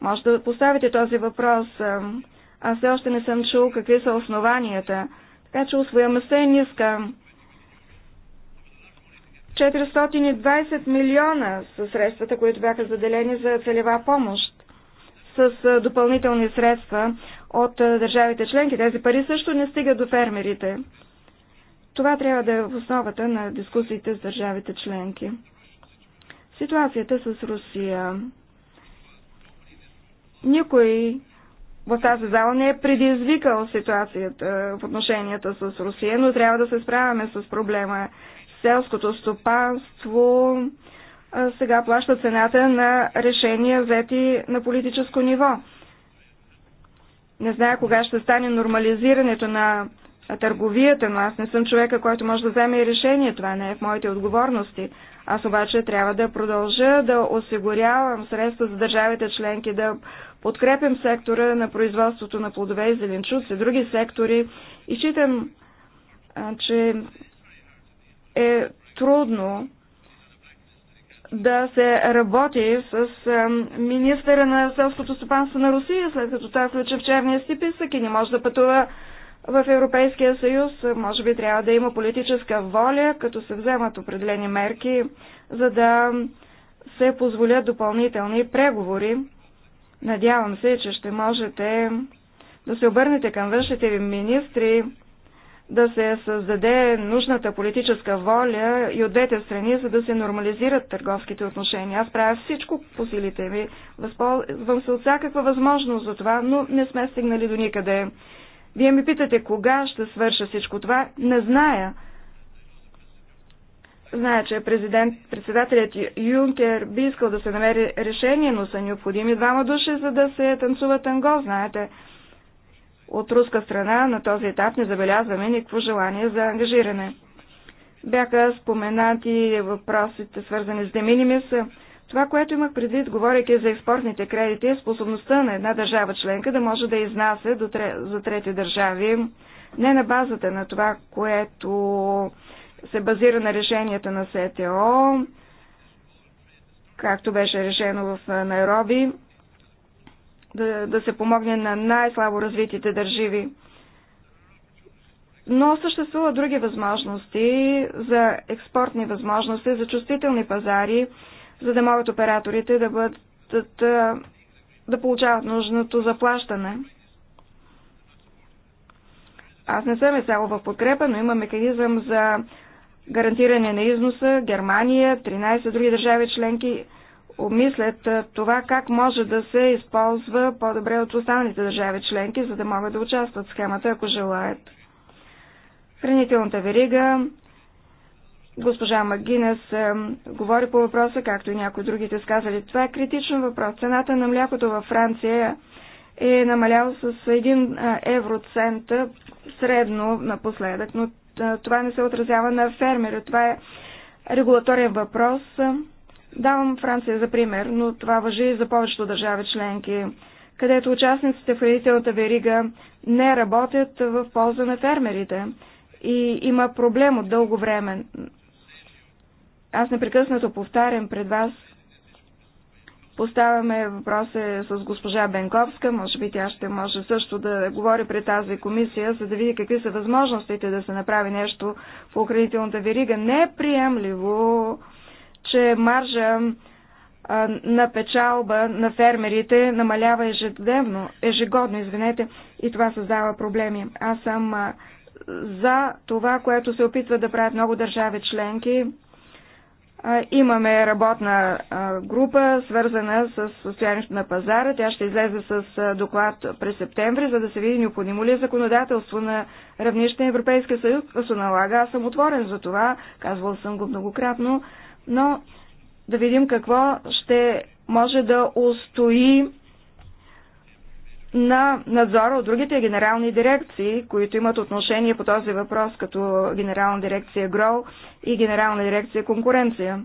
може да поставите този въпрос. Е, аз все още не съм чул какви са основанията. Така че освояемостта е ниска. 420 милиона са средствата, които бяха заделени за целева помощ с допълнителни средства от държавите членки. Тези пари също не стигат до фермерите. Това трябва да е в основата на дискусиите с държавите членки. Ситуацията с Русия. Никой в тази зала не е предизвикал ситуацията в отношенията с Русия, но трябва да се справяме с проблема селското стопанство сега плаща цената на решения взети на политическо ниво. Не зная кога ще стане нормализирането на търговията, но аз не съм човека, който може да вземе и решение. Това не е в моите отговорности. Аз обаче трябва да продължа да осигурявам средства за държавите членки, да подкрепим сектора на производството на плодове и зеленчуци, други сектори. И считам, че е трудно да се работи с министъра на селското стопанство на Русия, след като това включи в черния си писък и не може да пътува в Европейския съюз. Може би трябва да има политическа воля, като се вземат определени мерки, за да се позволят допълнителни преговори. Надявам се, че ще можете да се обърнете към външните ви министри да се създаде нужната политическа воля и от двете страни, за да се нормализират търговските отношения. Аз правя всичко по силите ми, възползвам се от всякаква възможност за това, но не сме стигнали до никъде. Вие ми питате кога ще свърша всичко това, не зная. Зная, че президент, председателят Юнкер би искал да се намери решение, но са необходими двама души, за да се танцува танго, знаете. От руска страна на този етап не забелязваме никакво желание за ангажиране. Бяха споменати въпросите, свързани с деминимис. Това, което имах предвид, говоряки за експортните кредити, е способността на една държава членка да може да изнася до, за трети държави, не на базата на това, което се базира на решенията на СТО, както беше решено в Найроби, да, да се помогне на най-слабо развитите държави. Но съществуват други възможности за експортни възможности, за чувствителни пазари, за да могат операторите да бъдат да получават нужното заплащане. Аз не съм изцяло в подкрепа, но има механизъм за гарантиране на износа. Германия, 13 други държави членки обмислят това как може да се използва по-добре от останалите държави членки, за да могат да участват в схемата, ако желаят. Хранителната верига, госпожа Магинес говори по въпроса, както и някои другите сказали. Това е критичен въпрос. Цената на млякото във Франция е намалял с 1 евроцент средно напоследък, но това не се отразява на фермера. Това е регулаторен въпрос. Давам Франция за пример, но това въжи и за повечето държави членки, където участниците в хранителната верига не работят в полза на фермерите и има проблем от дълго време. Аз непрекъснато повтарям пред вас, поставяме въпроса с госпожа Бенковска, може би тя ще може също да говори пред тази комисия, за да види какви са възможностите да се направи нещо по охранителната верига. Не е приемливо че маржа на печалба на фермерите намалява ежедневно, ежегодно, извинете, и това създава проблеми. Аз съм за това, което се опитва да правят много държави членки. Имаме работна група, свързана с състоянието на пазара. Тя ще излезе с доклад през септември, за да се види необходимо ли е законодателство на равнище Европейския съюз да се налага. Аз съм отворен за това, казвал съм го многократно но да видим какво ще може да устои на надзора от другите генерални дирекции, които имат отношение по този въпрос, като генерална дирекция ГРОЛ и генерална дирекция конкуренция.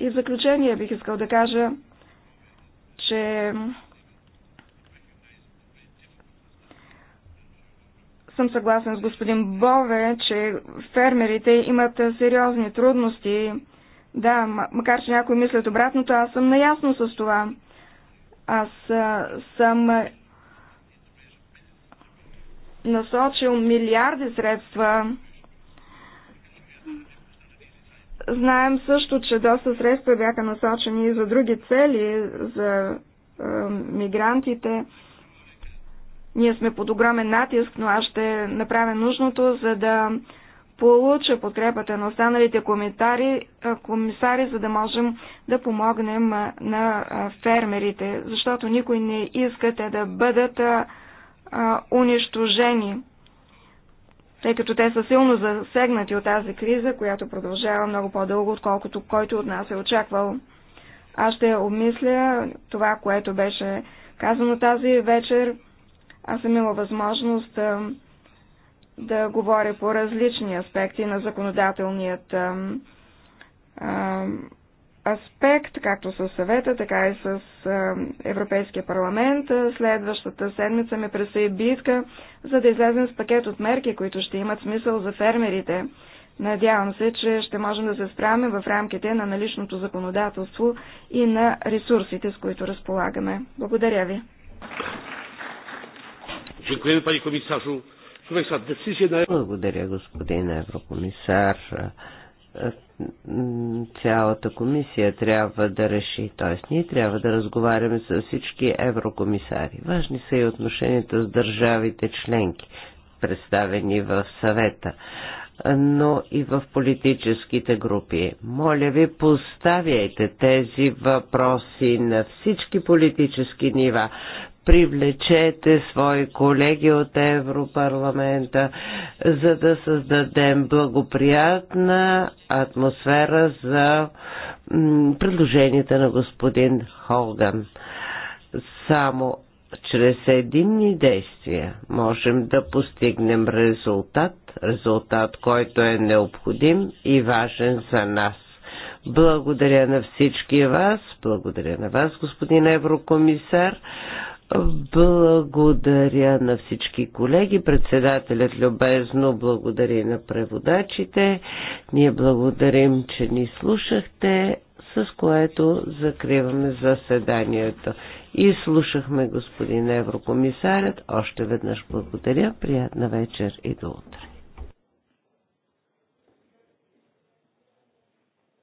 И в заключение бих искал да кажа, че съм съгласен с господин Бове, че фермерите имат сериозни трудности. Да, макар че някои мислят обратното, аз съм наясно с това. Аз съм насочил милиарди средства. Знаем също, че доста средства бяха насочени и за други цели, за е, мигрантите. Ние сме под огромен натиск, но аз ще направя нужното, за да получа подкрепата на останалите комитари, комисари, за да можем да помогнем на фермерите, защото никой не иска те да бъдат унищожени, тъй като те са силно засегнати от тази криза, която продължава много по-дълго, отколкото който от нас е очаквал. Аз ще обмисля това, което беше казано тази вечер. Аз съм имала възможност да говоря по различни аспекти на законодателният аспект, както с съвета, така и с Европейския парламент. Следващата седмица ми предстои битка, за да излезем с пакет от мерки, които ще имат смисъл за фермерите. Надявам се, че ще можем да се справим в рамките на наличното законодателство и на ресурсите, с които разполагаме. Благодаря ви. Благодаря, господин еврокомисар. Цялата комисия трябва да реши, т.е. ние трябва да разговаряме с всички еврокомисари. Важни са и отношенията с държавите членки, представени в съвета но и в политическите групи. Моля ви, поставяйте тези въпроси на всички политически нива привлечете свои колеги от Европарламента, за да създадем благоприятна атмосфера за предложенията на господин Холган. Само чрез единни действия можем да постигнем резултат, резултат, който е необходим и важен за нас. Благодаря на всички вас, благодаря на вас, господин еврокомисар. Благодаря на всички колеги. Председателят любезно благодари на преводачите. Ние благодарим, че ни слушахте, с което закриваме заседанието. И слушахме господин еврокомисарят. Още веднъж благодаря. Приятна вечер и до утре.